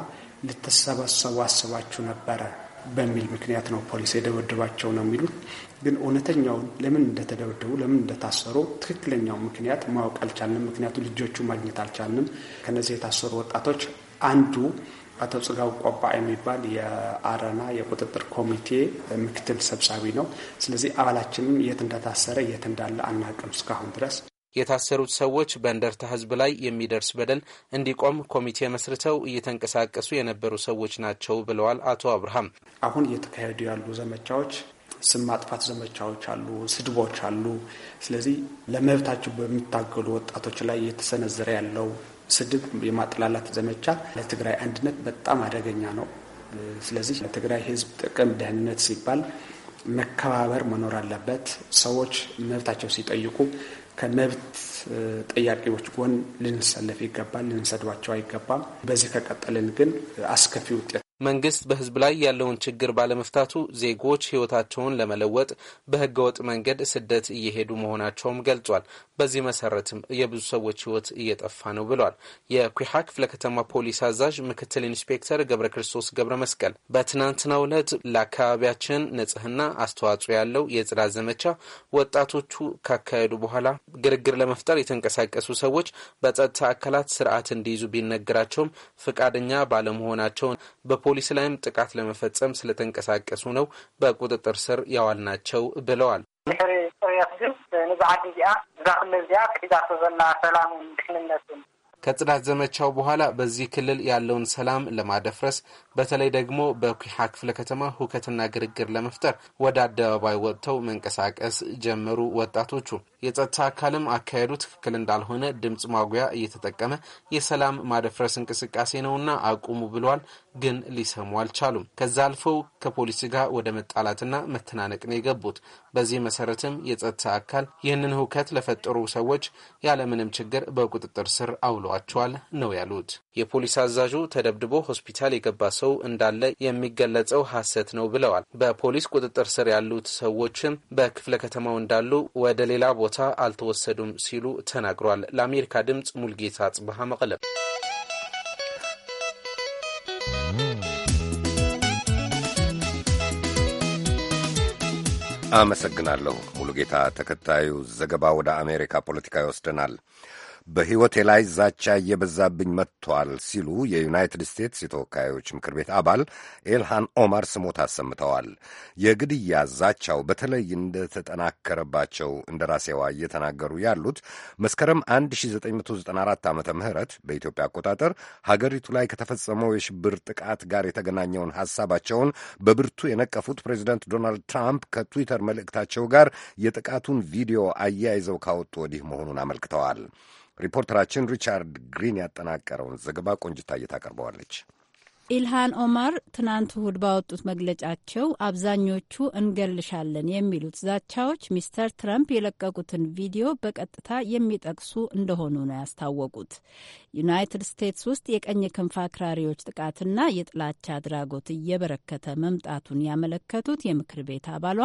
S13: ልትሰበሰቡ አስባችሁ ነበረ በሚል ምክንያት ነው ፖሊስ የደበደባቸው ነው የሚሉት። ግን እውነተኛውን ለምን እንደተደበደቡ ለምን እንደታሰሩ ትክክለኛው ምክንያት ማወቅ አልቻልንም። ምክንያቱ ልጆቹ ማግኘት አልቻልንም። ከነዚህ የታሰሩ ወጣቶች አንዱ አቶ ጽጋው ቆባ የሚባል የአረና የቁጥጥር ኮሚቴ ምክትል ሰብሳቢ ነው። ስለዚህ አባላችንም የት እንደታሰረ የት እንዳለ አናቅም እስካሁን ድረስ።
S12: የታሰሩት ሰዎች በእንደርታ ሕዝብ ላይ የሚደርስ በደል እንዲቆም ኮሚቴ መስርተው እየተንቀሳቀሱ የነበሩ ሰዎች ናቸው ብለዋል አቶ አብርሃም።
S13: አሁን እየተካሄዱ ያሉ ዘመቻዎች ስም ማጥፋት ዘመቻዎች አሉ፣ ስድቦች አሉ። ስለዚህ ለመብታቸው በሚታገሉ ወጣቶች ላይ እየተሰነዘረ ያለው ስድብ፣ የማጥላላት ዘመቻ ለትግራይ አንድነት በጣም አደገኛ ነው። ስለዚህ ለትግራይ ሕዝብ ጥቅም፣ ደህንነት ሲባል መከባበር መኖር አለበት። ሰዎች መብታቸው ሲጠይቁ ከመብት ጠያቂዎች ጎን ልንሰለፍ ይገባል። ልንሰድባቸው አይገባም። በዚህ ከቀጠልን ግን አስከፊ
S12: ውጤት መንግስት በህዝብ ላይ ያለውን ችግር ባለመፍታቱ ዜጎች ህይወታቸውን ለመለወጥ በህገወጥ መንገድ ስደት እየሄዱ መሆናቸውም ገልጿል። በዚህ መሰረትም የብዙ ሰዎች ህይወት እየጠፋ ነው ብሏል። የኩሓ ክፍለ ከተማ ፖሊስ አዛዥ ምክትል ኢንስፔክተር ገብረ ክርስቶስ ገብረ መስቀል በትናንትናው ዕለት ለአካባቢያችን ንጽህና አስተዋጽኦ ያለው የጽዳት ዘመቻ ወጣቶቹ ካካሄዱ በኋላ ግርግር ለመፍጠር የተንቀሳቀሱ ሰዎች በጸጥታ አካላት ስርዓት እንዲይዙ ቢነገራቸውም ፈቃደኛ ባለመሆናቸውን በፖ ፖሊስ ላይም ጥቃት ለመፈጸም ስለተንቀሳቀሱ ነው በቁጥጥር ስር ያዋል ናቸው ብለዋል።
S14: ድሕሪ ፅርየት ግን ንዚ ዓዲ እዚኣ እዛ ክልል እዚኣ ክሒዛቶ ዘላ ሰላምን ድሕንነትን
S12: ከጽዳት ዘመቻው በኋላ በዚህ ክልል ያለውን ሰላም ለማደፍረስ በተለይ ደግሞ በኩሓ ክፍለ ከተማ ሁከትና ግርግር ለመፍጠር ወደ አደባባይ ወጥተው መንቀሳቀስ ጀመሩ ወጣቶቹ። የጸጥታ አካልም አካሄዱ ትክክል እንዳልሆነ ድምፅ ማጉያ እየተጠቀመ የሰላም ማደፍረስ እንቅስቃሴ ነውና አቁሙ ብሏል። ግን ሊሰሙ አልቻሉም። ከዛ አልፈው ከፖሊስ ጋር ወደ መጣላትና መተናነቅ ነው የገቡት። በዚህ መሰረትም የጸጥታ አካል ይህንን ሁከት ለፈጠሩ ሰዎች ያለምንም ችግር በቁጥጥር ስር አውሏል። ገድለዋቸዋል ነው ያሉት። የፖሊስ አዛዡ ተደብድቦ ሆስፒታል የገባ ሰው እንዳለ የሚገለጸው ሐሰት ነው ብለዋል። በፖሊስ ቁጥጥር ስር ያሉት ሰዎችም በክፍለ ከተማው እንዳሉ ወደ ሌላ ቦታ አልተወሰዱም ሲሉ ተናግሯል። ለአሜሪካ ድምፅ ሙልጌታ ጽብሃ መቀለ።
S1: አመሰግናለሁ ሙሉጌታ። ተከታዩ ዘገባ ወደ አሜሪካ ፖለቲካ ይወስደናል። በሕይወቴ ላይ ዛቻ እየበዛብኝ መጥቷል ሲሉ የዩናይትድ ስቴትስ የተወካዮች ምክር ቤት አባል ኤልሃን ኦማር ስሞት አሰምተዋል። የግድያ ዛቻው በተለይ እንደተጠናከረባቸው እንደ ራሴዋ እየተናገሩ ያሉት መስከረም 1994 ዓ ምህረት በኢትዮጵያ አቆጣጠር ሀገሪቱ ላይ ከተፈጸመው የሽብር ጥቃት ጋር የተገናኘውን ሐሳባቸውን በብርቱ የነቀፉት ፕሬዚደንት ዶናልድ ትራምፕ ከትዊተር መልእክታቸው ጋር የጥቃቱን ቪዲዮ አያይዘው ካወጡ ወዲህ መሆኑን አመልክተዋል። ሪፖርተራችን ሪቻርድ ግሪን ያጠናቀረውን ዘገባ ቆንጅታ ታቀርበዋለች።
S3: ኢልሃን ኦማር ትናንት እሁድ ባወጡት መግለጫቸው አብዛኞቹ እንገልሻለን የሚሉት ዛቻዎች ሚስተር ትራምፕ የለቀቁትን ቪዲዮ በቀጥታ የሚጠቅሱ እንደሆኑ ነው ያስታወቁት። ዩናይትድ ስቴትስ ውስጥ የቀኝ ክንፍ አክራሪዎች ጥቃትና የጥላቻ አድራጎት እየበረከተ መምጣቱን ያመለከቱት የምክር ቤት አባሏ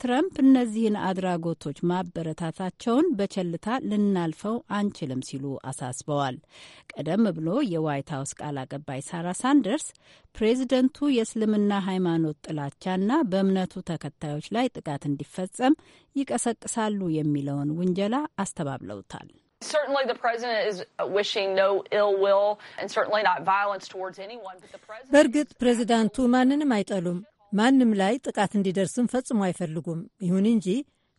S3: ትረምፕ እነዚህን አድራጎቶች ማበረታታቸውን በቸልታ ልናልፈው አንችልም ሲሉ አሳስበዋል። ቀደም ብሎ የዋይት ሀውስ ቃል አቀባይ ሳራ ሳንደርስ ፕሬዚደንቱ የእስልምና ሃይማኖት ጥላቻና በእምነቱ ተከታዮች ላይ ጥቃት እንዲፈጸም ይቀሰቅሳሉ የሚለውን ውንጀላ አስተባብለውታል።
S8: በእርግጥ ፕሬዚዳንቱ ማንንም አይጠሉም። ማንም ላይ ጥቃት እንዲደርስም ፈጽሞ አይፈልጉም። ይሁን እንጂ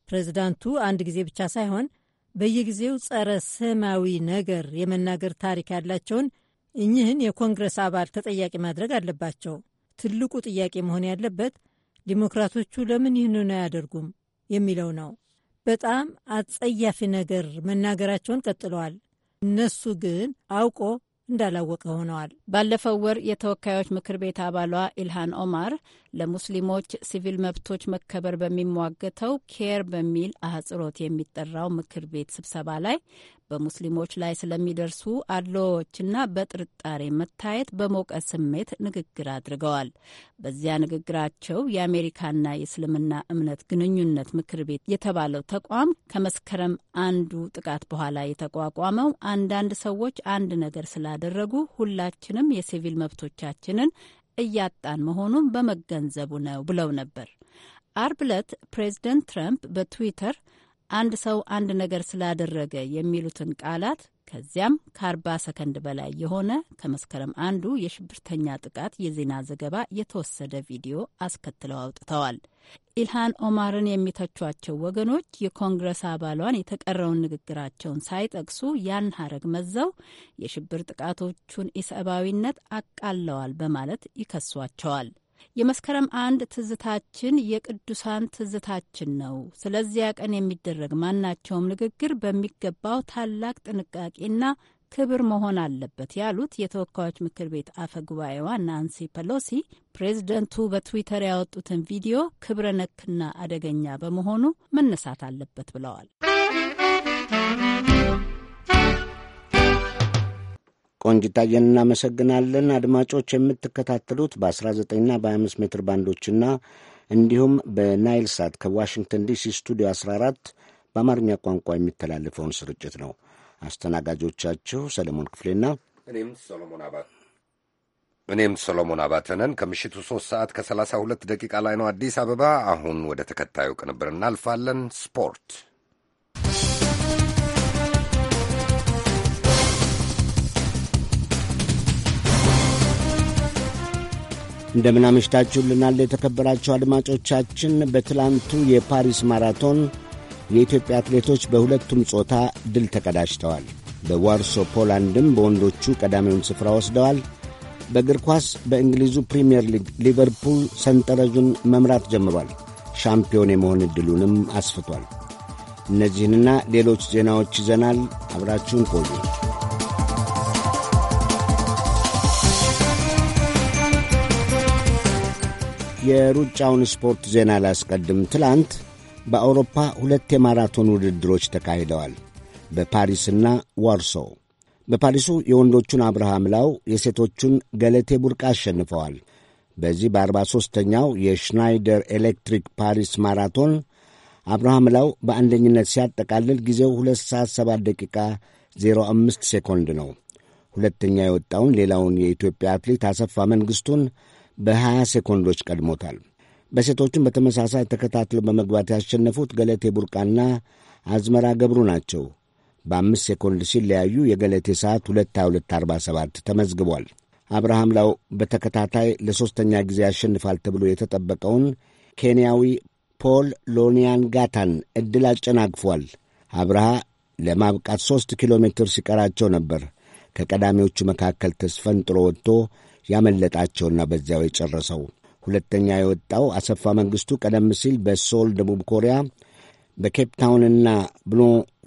S8: ፕሬዚዳንቱ አንድ ጊዜ ብቻ ሳይሆን በየጊዜው ጸረ ሰማዊ ነገር የመናገር ታሪክ ያላቸውን እኚህን የኮንግረስ አባል ተጠያቂ ማድረግ አለባቸው። ትልቁ ጥያቄ መሆን ያለበት ዲሞክራቶቹ ለምን ይህንን አያደርጉም የሚለው ነው። በጣም አጸያፊ ነገር መናገራቸውን ቀጥለዋል። እነሱ ግን አውቆ እንዳላወቀ ሆነዋል። ባለፈው ወር የተወካዮች
S3: ምክር ቤት አባሏ ኢልሃን ኦማር ለሙስሊሞች ሲቪል መብቶች መከበር በሚሟገተው ኬር በሚል አህጽሮት የሚጠራው ምክር ቤት ስብሰባ ላይ በሙስሊሞች ላይ ስለሚደርሱ አድሎዎችና በጥርጣሬ መታየት በሞቀ ስሜት ንግግር አድርገዋል። በዚያ ንግግራቸው የአሜሪካና የእስልምና እምነት ግንኙነት ምክር ቤት የተባለው ተቋም ከመስከረም አንዱ ጥቃት በኋላ የተቋቋመው አንዳንድ ሰዎች አንድ ነገር ስላደረጉ ሁላችንም የሲቪል መብቶቻችንን እያጣን መሆኑን በመገንዘቡ ነው ብለው ነበር። አርብ ዕለት ፕሬዝደንት ትራምፕ በትዊተር አንድ ሰው አንድ ነገር ስላደረገ የሚሉትን ቃላት ከዚያም ከአርባ ሰከንድ በላይ የሆነ ከመስከረም አንዱ የሽብርተኛ ጥቃት የዜና ዘገባ የተወሰደ ቪዲዮ አስከትለው አውጥተዋል። ኢልሃን ኦማርን የሚተቿቸው ወገኖች የኮንግረስ አባሏን የተቀረውን ንግግራቸውን ሳይጠቅሱ ያን ሀረግ መዘው የሽብር ጥቃቶቹን ኢሰብአዊነት አቃለዋል በማለት ይከሷቸዋል። የመስከረም አንድ ትዝታችን የቅዱሳን ትዝታችን ነው። ስለዚያ ቀን የሚደረግ ማናቸውም ንግግር በሚገባው ታላቅ ጥንቃቄና ክብር መሆን አለበት ያሉት የተወካዮች ምክር ቤት አፈ ጉባኤዋ ናንሲ ፐሎሲ ፕሬዝደንቱ በትዊተር ያወጡትን ቪዲዮ ክብረ ነክና አደገኛ በመሆኑ መነሳት አለበት ብለዋል።
S4: ቆንጅታየን እናመሰግናለን። አድማጮች የምትከታተሉት በ19ና በ25 ሜትር ባንዶችና እንዲሁም በናይል ሳት ከዋሽንግተን ዲሲ ስቱዲዮ 14 በአማርኛ ቋንቋ የሚተላለፈውን ስርጭት ነው።
S1: አስተናጋጆቻችሁ ሰለሞን ክፍሌና እኔም ሰሎሞን አባት እኔም ሰሎሞን አባተነን ከምሽቱ ሦስት ሰዓት ከሰላሳ ሁለት ደቂቃ ላይ ነው አዲስ አበባ። አሁን ወደ ተከታዩ ቅንብር እናልፋለን። ስፖርት
S4: እንደምናመሽታችሁልናል የተከበራችሁ አድማጮቻችን። በትላንቱ የፓሪስ ማራቶን የኢትዮጵያ አትሌቶች በሁለቱም ጾታ ድል ተቀዳጅተዋል። በዋርሶ ፖላንድም በወንዶቹ ቀዳሚውን ስፍራ ወስደዋል። በእግር ኳስ በእንግሊዙ ፕሪምየር ሊግ ሊቨርፑል ሰንጠረዡን መምራት ጀምሯል። ሻምፒዮን የመሆን ዕድሉንም አስፍቷል። እነዚህንና ሌሎች ዜናዎች ይዘናል። አብራችሁን ቆዩ። የሩጫውን ስፖርት ዜና ላስቀድም። ትላንት በአውሮፓ ሁለት የማራቶን ውድድሮች ተካሂደዋል፣ በፓሪስና ዋርሶ። በፓሪሱ የወንዶቹን አብርሃም ላው የሴቶቹን ገለቴ ቡርቃ አሸንፈዋል። በዚህ በ43ኛው የሽናይደር ኤሌክትሪክ ፓሪስ ማራቶን አብርሃም ላው በአንደኝነት ሲያጠቃልል ጊዜው 2 ሰዓት 7 ደቂቃ 05 ሴኮንድ ነው። ሁለተኛ የወጣውን ሌላውን የኢትዮጵያ አትሌት አሰፋ መንግሥቱን በ20 ሴኮንዶች ቀድሞታል። በሴቶቹም በተመሳሳይ ተከታትሎ በመግባት ያሸነፉት ገለቴ ቡርቃና አዝመራ ገብሩ ናቸው። በአምስት ሴኮንድ ሲለያዩ የገለቴ ሰዓት 2፡22፡47 ተመዝግቧል። አብርሃም ላው በተከታታይ ለሦስተኛ ጊዜ ያሸንፋል ተብሎ የተጠበቀውን ኬንያዊ ፖል ሎኒያንጋታን ዕድል አጨናግፏል። አብርሃ ለማብቃት ሦስት ኪሎ ሜትር ሲቀራቸው ነበር ከቀዳሚዎቹ መካከል ተስፈንጥሮ ወጥቶ ያመለጣቸውና በዚያው የጨረሰው። ሁለተኛ የወጣው አሰፋ መንግስቱ ቀደም ሲል በሶል ደቡብ ኮሪያ፣ በኬፕታውንና ብሎ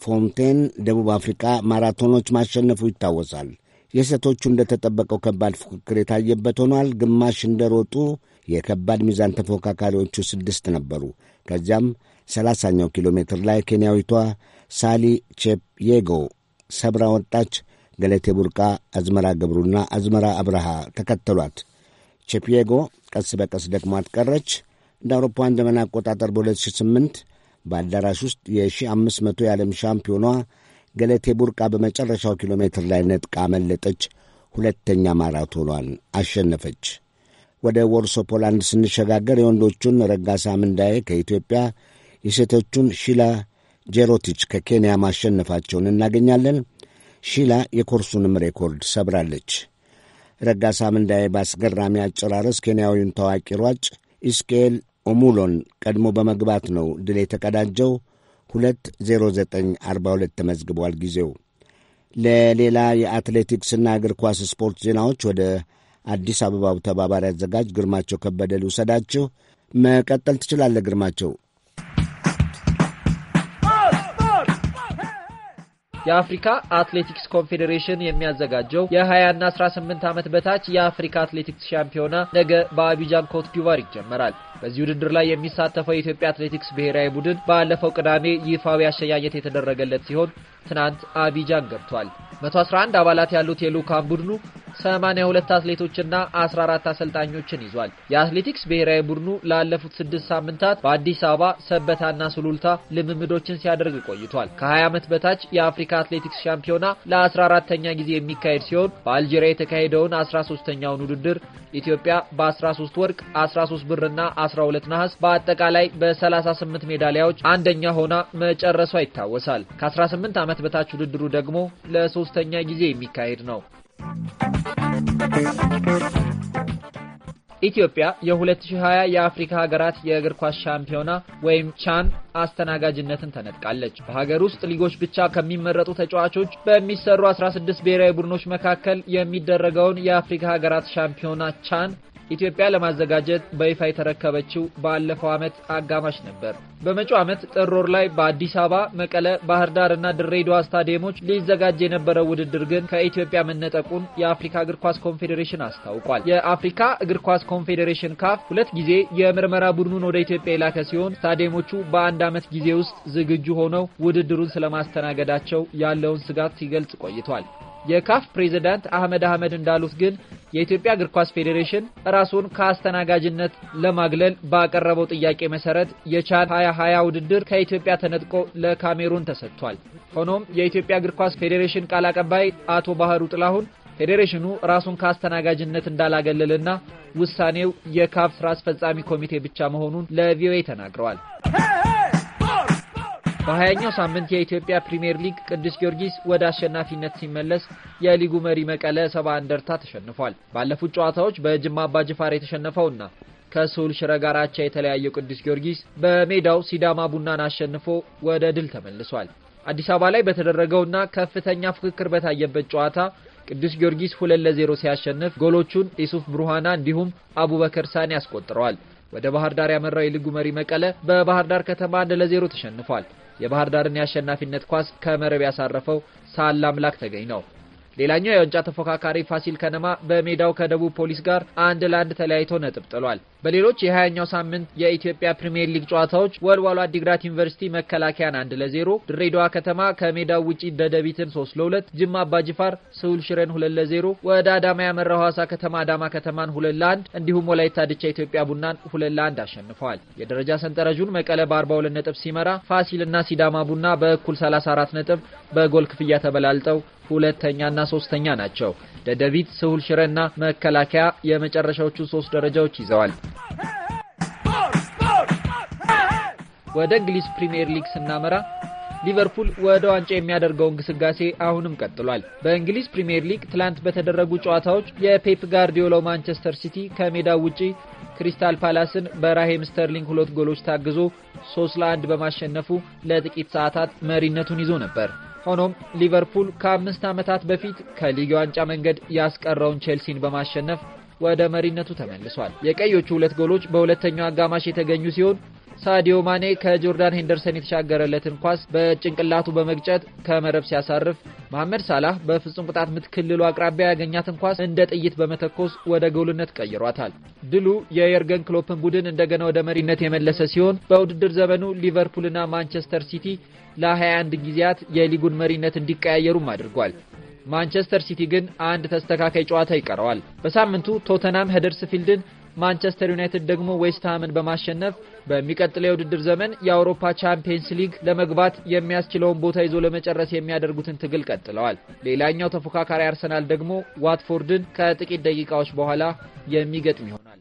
S4: ፎንቴን ደቡብ አፍሪካ ማራቶኖች ማሸነፉ ይታወሳል። የሴቶቹ እንደተጠበቀው ከባድ ፉክክር የታየበት ሆኗል። ግማሽ እንደሮጡ የከባድ ሚዛን ተፎካካሪዎቹ ስድስት ነበሩ። ከዚያም ሰላሳኛው ኪሎ ሜትር ላይ ኬንያዊቷ ሳሊ ዬጎ ሰብራ ወጣች። ገለቴ ቡርቃ፣ አዝመራ ገብሩና አዝመራ አብርሃ ተከተሏት። ቼፒዬጎ ቀስ በቀስ ደክሟት ቀረች። እንደ አውሮፓውያን ዘመን አቆጣጠር በ2008 በአዳራሽ ውስጥ የ1500 የዓለም ሻምፒዮኗ ገለቴ ቡርቃ በመጨረሻው ኪሎ ሜትር ላይ ነጥቃ መለጠች። ሁለተኛ ማራቶኗን አሸነፈች። ወደ ወርሶ ፖላንድ ስንሸጋገር የወንዶቹን ረጋሳ ምንዳዬ ከኢትዮጵያ የሴቶቹን ሺላ ጄሮቲች ከኬንያ ማሸነፋቸውን እናገኛለን። ሺላ የኮርሱንም ሬኮርድ ሰብራለች። ረዳት ሳምንዳዬ በአስገራሚ አጨራረስ ኬንያዊውን ታዋቂ ሯጭ ኢስኬል ኦሙሎን ቀድሞ በመግባት ነው ድል የተቀዳጀው። 20942 ተመዝግቧል ጊዜው። ለሌላ የአትሌቲክስና እግር ኳስ ስፖርት ዜናዎች ወደ አዲስ አበባው ተባባሪ አዘጋጅ ግርማቸው ከበደ ልውሰዳችሁ። መቀጠል ትችላለህ ግርማቸው።
S15: የአፍሪካ አትሌቲክስ ኮንፌዴሬሽን የሚያዘጋጀው የ20ና 18 ዓመት በታች የአፍሪካ አትሌቲክስ ሻምፒዮና ነገ በአቢጃን ኮት ይጀመራል። በዚህ ውድድር ላይ የሚሳተፈው የኢትዮጵያ አትሌቲክስ ብሔራዊ ቡድን ባለፈው ቅዳሜ ይፋዊ አሸኛኘት የተደረገለት ሲሆን ትናንት አቢጃን ገብቷል። 111 አባላት ያሉት የልዑካን ቡድኑ 82 አትሌቶችና 14 አሰልጣኞችን ይዟል። የአትሌቲክስ ብሔራዊ ቡድኑ ላለፉት ስድስት ሳምንታት በአዲስ አበባ ሰበታና ሱሉልታ ልምምዶችን ሲያደርግ ቆይቷል። ከ20 ዓመት በታች የአፍሪካ አትሌቲክስ ሻምፒዮና ለ14ተኛ ጊዜ የሚካሄድ ሲሆን በአልጄሪያ የተካሄደውን 13ተኛውን ውድድር ኢትዮጵያ በ13 ወርቅ፣ 13 ብርና 12 ነሐስ በአጠቃላይ በ38 ሜዳሊያዎች አንደኛ ሆና መጨረሷ ይታወሳል። ከ18 ዓመት ከዓመት በታች ውድድሩ ደግሞ ለሶስተኛ ጊዜ የሚካሄድ ነው። ኢትዮጵያ የ2020 የአፍሪካ ሀገራት የእግር ኳስ ሻምፒዮና ወይም ቻን አስተናጋጅነትን ተነጥቃለች። በሀገር ውስጥ ሊጎች ብቻ ከሚመረጡ ተጫዋቾች በሚሰሩ 16 ብሔራዊ ቡድኖች መካከል የሚደረገውን የአፍሪካ ሀገራት ሻምፒዮና ቻን ኢትዮጵያ ለማዘጋጀት በይፋ የተረከበችው ባለፈው ዓመት አጋማሽ ነበር። በመጪው ዓመት ጥር ወር ላይ በአዲስ አበባ፣ መቀለ፣ ባህር ና እና ድሬዳዋ ስታዲየሞች ሊዘጋጅ የነበረው ውድድር ግን ከኢትዮጵያ መነጠቁን የአፍሪካ እግር ኳስ ኮንፌዴሬሽን አስታውቋል። የአፍሪካ እግር ኳስ ኮንፌዴሬሽን ካፍ ሁለት ጊዜ የምርመራ ቡድኑን ወደ ኢትዮጵያ የላከ ሲሆን ስታዲየሞቹ በአንድ ዓመት ጊዜ ውስጥ ዝግጁ ሆነው ውድድሩን ስለማስተናገዳቸው ያለውን ስጋት ሲገልጽ ቆይቷል። የካፍ ፕሬዝዳንት አህመድ አህመድ እንዳሉት ግን የኢትዮጵያ እግር ኳስ ፌዴሬሽን ራሱን ከአስተናጋጅነት ለማግለል ባቀረበው ጥያቄ መሰረት የቻን 2020 ውድድር ከኢትዮጵያ ተነጥቆ ለካሜሩን ተሰጥቷል። ሆኖም የኢትዮጵያ እግር ኳስ ፌዴሬሽን ቃል አቀባይ አቶ ባህሩ ጥላሁን ፌዴሬሽኑ ራሱን ከአስተናጋጅነት እንዳላገለልና ውሳኔው የካፍ ስራ አስፈጻሚ ኮሚቴ ብቻ መሆኑን ለቪኦኤ ተናግረዋል። በሀያኛው ሳምንት የኢትዮጵያ ፕሪምየር ሊግ ቅዱስ ጊዮርጊስ ወደ አሸናፊነት ሲመለስ የሊጉ መሪ መቀለ ሰባ እንደርታ ተሸንፏል። ባለፉት ጨዋታዎች በጅማ አባጅፋር የተሸነፈውና ከሱል ሽረ ጋር አቻ የተለያየው ቅዱስ ጊዮርጊስ በሜዳው ሲዳማ ቡናን አሸንፎ ወደ ድል ተመልሷል። አዲስ አበባ ላይ በተደረገውና ከፍተኛ ፉክክር በታየበት ጨዋታ ቅዱስ ጊዮርጊስ ሁለት ለዜሮ ሲያሸንፍ ጎሎቹን ኢሱፍ ብሩሃና እንዲሁም አቡበከር ሳኒ አስቆጥረዋል። ወደ ባህር ዳር ያመራው የሊጉ መሪ መቀለ በባህር ዳር ከተማ አንድ ለዜሮ ተሸንፏል። የባህር ዳርን የአሸናፊነት ኳስ ከመረብ ያሳረፈው ሳህል አምላክ ተገኝ ነው። ሌላኛው የዋንጫ ተፎካካሪ ፋሲል ከነማ በሜዳው ከደቡብ ፖሊስ ጋር አንድ ለአንድ ተለያይቶ ነጥብ ጥሏል። በሌሎች የሀያኛው ሳምንት የኢትዮጵያ ፕሪምየር ሊግ ጨዋታዎች ወልዋሎ አዲግራት ዩኒቨርሲቲ መከላከያን አንድ ለዜሮ፣ ድሬዳዋ ከተማ ከሜዳው ውጪ ደደቢትን ሶስት ለሁለት፣ ጅማ አባጅፋር ስውል ሽረን ሁለት ለዜሮ፣ ወደ አዳማ ያመራ ሐዋሳ ከተማ አዳማ ከተማን ሁለት ለአንድ እንዲሁም ወላይታ ድቻ ኢትዮጵያ ቡናን ሁለት ለአንድ አሸንፈዋል። የደረጃ ሰንጠረዡን መቀለ በአርባ ሁለት ነጥብ ሲመራ ፋሲልና ሲዳማ ቡና በእኩል ሰላሳ አራት ነጥብ በጎል ክፍያ ተበላልጠው ሁለተኛና ሶስተኛ ናቸው። ደደቢት፣ ስሁል ሽረና መከላከያ የመጨረሻዎቹ ሶስት ደረጃዎች ይዘዋል። ወደ እንግሊዝ ፕሪምየር ሊግ ስናመራ ሊቨርፑል ወደ ዋንጫ የሚያደርገው እንግስጋሴ አሁንም ቀጥሏል። በእንግሊዝ ፕሪምየር ሊግ ትላንት በተደረጉ ጨዋታዎች የፔፕ ጋርዲዮላው ማንቸስተር ሲቲ ከሜዳው ውጪ ክሪስታል ፓላስን በራሄም ስተርሊንግ ሁለት ጎሎች ታግዞ ለ1 በማሸነፉ ለጥቂት ሰዓታት መሪነቱን ይዞ ነበር። ሆኖም ሊቨርፑል ከአምስት ዓመታት በፊት ከሊግ ዋንጫ መንገድ ያስቀረውን ቼልሲን በማሸነፍ ወደ መሪነቱ ተመልሷል። የቀዮቹ ሁለት ጎሎች በሁለተኛው አጋማሽ የተገኙ ሲሆን ሳዲዮ ማኔ ከጆርዳን ሄንደርሰን የተሻገረለትን ኳስ በጭንቅላቱ በመግጨት ከመረብ ሲያሳርፍ መሐመድ ሳላህ በፍጹም ቅጣት ምት ክልሉ አቅራቢያ ያገኛትን ኳስ እንደ ጥይት በመተኮስ ወደ ጎልነት ቀይሯታል። ድሉ የየርገን ክሎፕን ቡድን እንደገና ወደ መሪነት የመለሰ ሲሆን በውድድር ዘመኑ ሊቨርፑልና ማንቸስተር ሲቲ ለ21 ጊዜያት የሊጉን መሪነት እንዲቀያየሩም አድርጓል። ማንቸስተር ሲቲ ግን አንድ ተስተካካይ ጨዋታ ይቀረዋል። በሳምንቱ ቶተናም ሄደርስፊልድን ማንቸስተር ዩናይትድ ደግሞ ዌስትሃምን በማሸነፍ በሚቀጥለው የውድድር ዘመን የአውሮፓ ቻምፒየንስ ሊግ ለመግባት የሚያስችለውን ቦታ ይዞ ለመጨረስ የሚያደርጉትን ትግል ቀጥለዋል። ሌላኛው ተፎካካሪ አርሰናል ደግሞ ዋትፎርድን ከጥቂት ደቂቃዎች በኋላ የሚገጥም ይሆናል።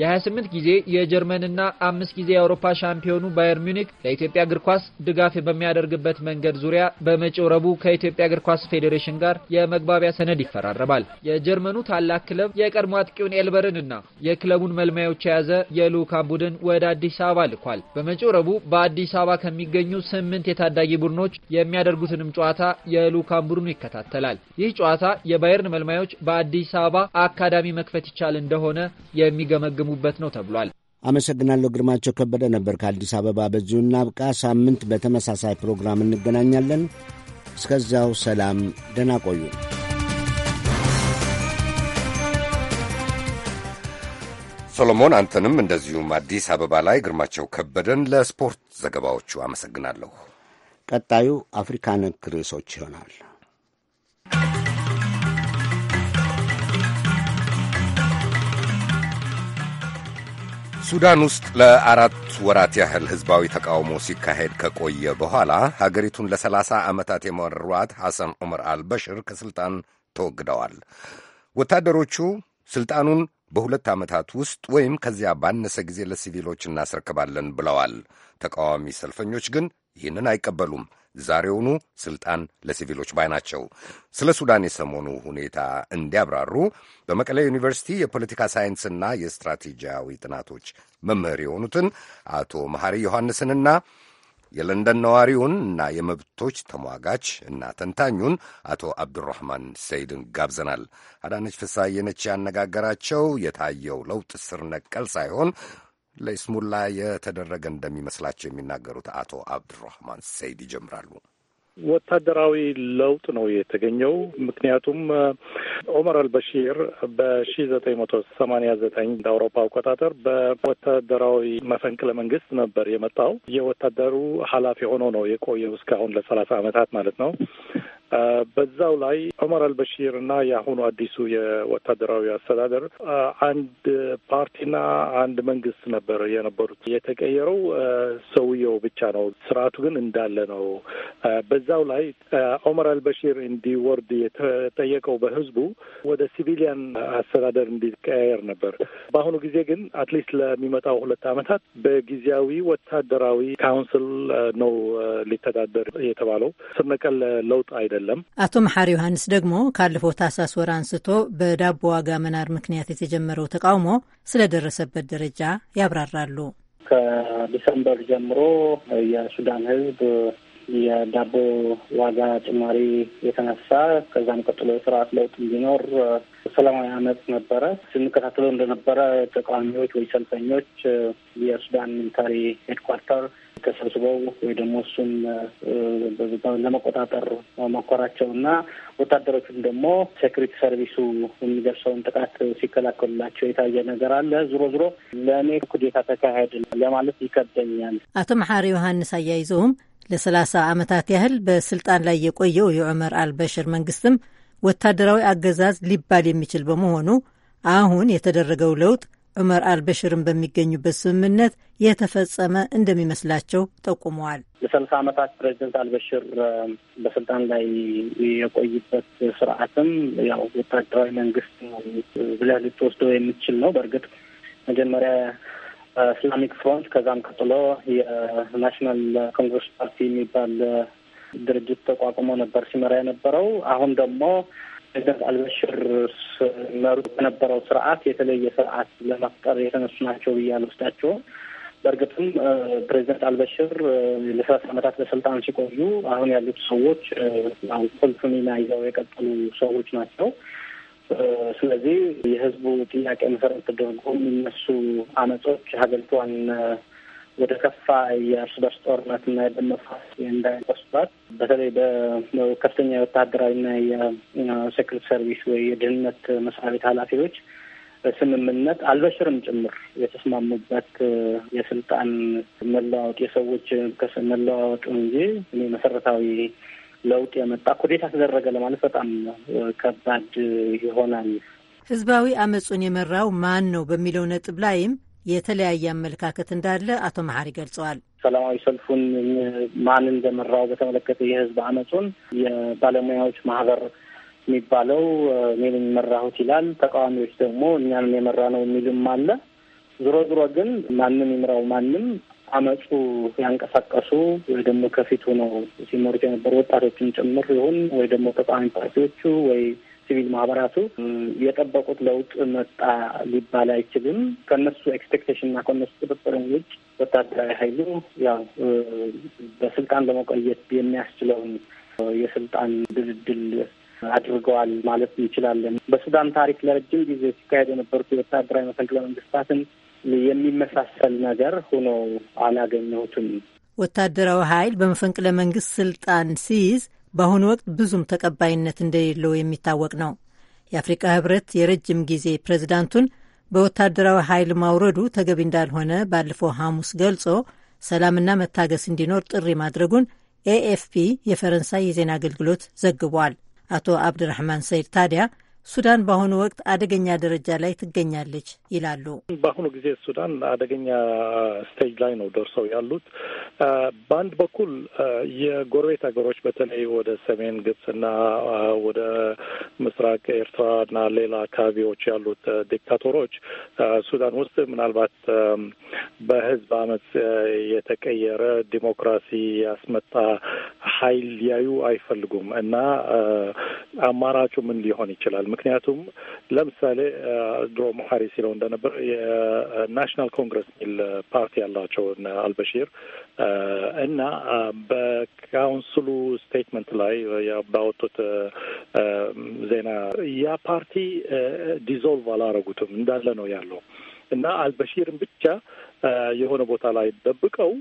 S15: የ28 ጊዜ የጀርመንና አምስት ጊዜ የአውሮፓ ሻምፒዮኑ ባየር ሚዩኒክ ለኢትዮጵያ እግር ኳስ ድጋፍ በሚያደርግበት መንገድ ዙሪያ በመጪው ረቡዕ ከኢትዮጵያ እግር ኳስ ፌዴሬሽን ጋር የመግባቢያ ሰነድ ይፈራረማል። የጀርመኑ ታላቅ ክለብ የቀድሞ አጥቂውን ኤልበርንና የክለቡን መልማዮች የያዘ የልዑካን ቡድን ወደ አዲስ አበባ ልኳል። በመጪው ረቡዕ በአዲስ አበባ ከሚገኙ ስምንት የታዳጊ ቡድኖች የሚያደርጉትንም ጨዋታ የልዑካን ቡድኑ ይከታተላል። ይህ ጨዋታ የባየርን መልማዮች በአዲስ አበባ አካዳሚ መክፈት ይቻል እንደሆነ የሚገመ እየተገመገሙበት ነው ተብሏል።
S4: አመሰግናለሁ። ግርማቸው ከበደ ነበር ከአዲስ አበባ። በዚሁ እናብቃ። ሳምንት በተመሳሳይ ፕሮግራም እንገናኛለን። እስከዚያው ሰላም፣ ደህና ቆዩ።
S1: ሶሎሞን አንተንም እንደዚሁም አዲስ አበባ ላይ ግርማቸው ከበደን ለስፖርት ዘገባዎቹ አመሰግናለሁ። ቀጣዩ አፍሪካ ነክ ርዕሶች ይሆናል። ሱዳን ውስጥ ለአራት ወራት ያህል ሕዝባዊ ተቃውሞ ሲካሄድ ከቆየ በኋላ ሀገሪቱን ለሰላሳ ዓመታት የመሯት ሐሰን ዑመር አልበሽር ከሥልጣን ተወግደዋል። ወታደሮቹ ሥልጣኑን በሁለት ዓመታት ውስጥ ወይም ከዚያ ባነሰ ጊዜ ለሲቪሎች እናስረክባለን ብለዋል። ተቃዋሚ ሰልፈኞች ግን ይህንን አይቀበሉም። ዛሬውኑ ስልጣን ለሲቪሎች ባይ ናቸው። ስለ ሱዳን የሰሞኑ ሁኔታ እንዲያብራሩ በመቀለ ዩኒቨርሲቲ የፖለቲካ ሳይንስና የስትራቴጂያዊ ጥናቶች መምህር የሆኑትን አቶ መሐሪ ዮሐንስንና የለንደን ነዋሪውን እና የመብቶች ተሟጋች እና ተንታኙን አቶ አብዱራህማን ሰይድን ጋብዘናል። አዳነች ፍስሐዬ ነች ያነጋገራቸው። የታየው ለውጥ ስር ነቀል ሳይሆን ለይስሙላ የተደረገ እንደሚመስላቸው የሚናገሩት አቶ አብዱራህማን ሰይድ ይጀምራሉ።
S9: ወታደራዊ ለውጥ ነው የተገኘው። ምክንያቱም ኦመር አልበሺር በሺ ዘጠኝ መቶ ሰማኒያ ዘጠኝ እንደ አውሮፓ አቆጣጠር በወታደራዊ መፈንቅለ መንግስት ነበር የመጣው። የወታደሩ ኃላፊ ሆኖ ነው የቆየው እስካሁን ለሰላሳ ዓመታት ማለት ነው። በዛው ላይ ዑመር አልበሺር እና የአሁኑ አዲሱ የወታደራዊ አስተዳደር አንድ ፓርቲና አንድ መንግስት ነበር የነበሩት። የተቀየረው ሰውየው ብቻ ነው፣ ስርዓቱ ግን እንዳለ ነው። በዛው ላይ ዑመር አልበሺር እንዲወርድ የተጠየቀው በህዝቡ ወደ ሲቪሊያን አስተዳደር እንዲቀያየር ነበር። በአሁኑ ጊዜ ግን አትሊስት ለሚመጣው ሁለት አመታት በጊዜያዊ ወታደራዊ ካውንስል ነው ሊተዳደር የተባለው ስር ነቀል ለውጥ አይደለም። አይደለም።
S8: አቶ መሐር ዮሐንስ ደግሞ ካለፈው ታህሳስ ወር አንስቶ በዳቦ ዋጋ መናር ምክንያት የተጀመረው ተቃውሞ ስለደረሰበት ደረጃ ያብራራሉ።
S14: ከዲሰምበር ጀምሮ የሱዳን ህዝብ። የዳቦ ዋጋ ጭማሪ የተነሳ ከዛም ቀጥሎ የስርዓት ለውጥ እንዲኖር ሰላማዊ አመፅ ነበረ። ስንከታተለው እንደነበረ ተቃዋሚዎች ወይ ሰልፈኞች የሱዳን ሚሊታሪ ሄድኳርተር ተሰብስበው ወይ ደግሞ እሱን ለመቆጣጠር መኮራቸው እና ወታደሮቹም ደግሞ ሴኩሪቲ ሰርቪሱ የሚደርሰውን ጥቃት ሲከላከሉላቸው የታየ ነገር አለ። ዝሮ ዝሮ ለእኔ ኩዴታ ተካሄድ ለማለት ይከብደኛል።
S8: አቶ መሐሪ ዮሐንስ አያይዘውም ለ30 ዓመታት ያህል በስልጣን ላይ የቆየው የዑመር አልበሽር መንግስትም ወታደራዊ አገዛዝ ሊባል የሚችል በመሆኑ አሁን የተደረገው ለውጥ ዑመር አልበሽርን በሚገኙበት ስምምነት የተፈጸመ እንደሚመስላቸው ጠቁመዋል።
S14: የሰላሳ ዓመታት ፕሬዚደንት አልበሽር በስልጣን ላይ የቆይበት ስርዓትም ያው ወታደራዊ መንግስት ብለህ ልትወስደው የምትችል ነው። በእርግጥ መጀመሪያ ኢስላሚክ ፍሮንት ከዛም ቀጥሎ የናሽናል ኮንግረስ ፓርቲ የሚባል ድርጅት ተቋቁሞ ነበር ሲመራ የነበረው። አሁን ደግሞ ፕሬዚደንት አልበሽር መሩ ከነበረው ስርዓት የተለየ ስርዓት ለመፍጠር የተነሱ ናቸው ብዬ አልወስዳቸውም። በእርግጥም ፕሬዚደንት አልበሽር ለሰላሳ ዓመታት በስልጣን ሲቆዩ አሁን ያሉት ሰዎች ቁልፍ ሚና ይዘው የቀጠሉ ሰዎች ናቸው። ስለዚህ የህዝቡ ጥያቄ መሰረት ተደርጎ የሚነሱ አመጾች ሀገሪቷን ወደ ከፋ የእርስ በርስ ጦርነትና የደም መፋሰስ እንዳይቆስባት በተለይ በከፍተኛ የወታደራዊና የሴክሬት ሰርቪስ ወይ የደህንነት መስሪያ ቤት ኃላፊዎች ስምምነት አልበሽርም ጭምር የተስማሙበት የስልጣን መለዋወጥ የሰዎች መለዋወጡ እንጂ እኔ መሰረታዊ ለውጥ የመጣ ኩዴታ ተደረገ ለማለት በጣም ከባድ ይሆናል።
S8: ህዝባዊ አመፁን የመራው ማን ነው በሚለው ነጥብ ላይም የተለያየ አመለካከት እንዳለ አቶ መሀሪ ገልጸዋል።
S14: ሰላማዊ ሰልፉን ማን እንደመራው በተመለከተ የህዝብ አመፁን የባለሙያዎች ማህበር የሚባለው እኔን የመራሁት ይላል። ተቃዋሚዎች ደግሞ እኛንም የመራ ነው የሚልም አለ። ዞሮ ዞሮ ግን ማንም ይምራው ማንም አመፁ ያንቀሳቀሱ ወይ ደግሞ ከፊቱ ነው ሲመሩት የነበሩ ወጣቶችን ጭምር ይሁን ወይ ደግሞ ተቃዋሚ ፓርቲዎቹ ወይ ሲቪል ማህበራቱ የጠበቁት ለውጥ መጣ ሊባል አይችልም። ከነሱ ኤክስፔክቴሽን እና ከነሱ ጥርጥር ውጭ ወታደራዊ ኃይሉ ያው በስልጣን ለመቆየት የሚያስችለውን የስልጣን ድልድል አድርገዋል ማለት እንችላለን። በሱዳን ታሪክ ለረጅም ጊዜ ሲካሄድ የነበሩት የወታደራዊ መፈንቅለ መንግስታትን የሚመሳሰል ነገር ሆኖ አላገኘሁትም።
S8: ወታደራዊ ኃይል በመፈንቅለ መንግስት ስልጣን ሲይዝ በአሁኑ ወቅት ብዙም ተቀባይነት እንደሌለው የሚታወቅ ነው። የአፍሪካ ህብረት የረጅም ጊዜ ፕሬዚዳንቱን በወታደራዊ ኃይል ማውረዱ ተገቢ እንዳልሆነ ባለፈው ሐሙስ ገልጾ ሰላምና መታገስ እንዲኖር ጥሪ ማድረጉን ኤኤፍፒ የፈረንሳይ የዜና አገልግሎት ዘግቧል። አቶ አብድራህማን ሰይድ ታዲያ ሱዳን በአሁኑ ወቅት አደገኛ ደረጃ ላይ ትገኛለች ይላሉ።
S9: በአሁኑ ጊዜ ሱዳን አደገኛ ስቴጅ ላይ ነው ደርሰው ያሉት። በአንድ በኩል የጎረቤት ሀገሮች በተለይ ወደ ሰሜን ግብጽና ወደ ምስራቅ ኤርትራና ሌላ አካባቢዎች ያሉት ዲክታቶሮች ሱዳን ውስጥ ምናልባት በህዝብ አመፅ የተቀየረ ዲሞክራሲ ያስመጣ ኃይል ሊያዩ አይፈልጉም እና አማራጩ ምን ሊሆን ይችላል ምክንያቱም ለምሳሌ ድሮ ቡሃሪ ሲለው እንደነበር የናሽናል ኮንግረስ የሚል ፓርቲ ያላቸው አልበሺር እና በካውንስሉ ስቴትመንት ላይ ባወጡት ዜና ያ ፓርቲ ዲዞልቭ አላረጉትም እንዳለ ነው ያለው እና አልበሺርን ብቻ የሆነ ቦታ ላይ ደብቀው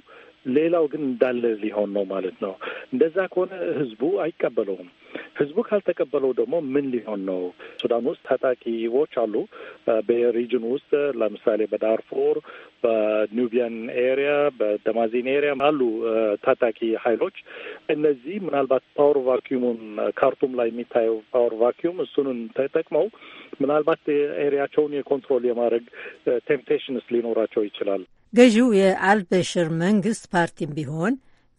S9: ሌላው ግን እንዳለ ሊሆን ነው ማለት ነው። እንደዛ ከሆነ ህዝቡ አይቀበለውም። ህዝቡ ካልተቀበለው ደግሞ ምን ሊሆን ነው? ሱዳን ውስጥ ታጣቂዎች አሉ። በሪጅን ውስጥ ለምሳሌ በዳርፎር፣ በኑቢያን ኤሪያ፣ በደማዚን ኤሪያ አሉ ታጣቂ ኃይሎች። እነዚህ ምናልባት ፓወር ቫኪዩሙን ካርቱም ላይ የሚታየው ፓወር ቫኪዩም እሱንን ተጠቅመው ምናልባት ኤሪያቸውን የኮንትሮል የማድረግ ቴምፕቴሽንስ ሊኖራቸው ይችላል።
S8: ገዢው የአልበሽር መንግስት ፓርቲም ቢሆን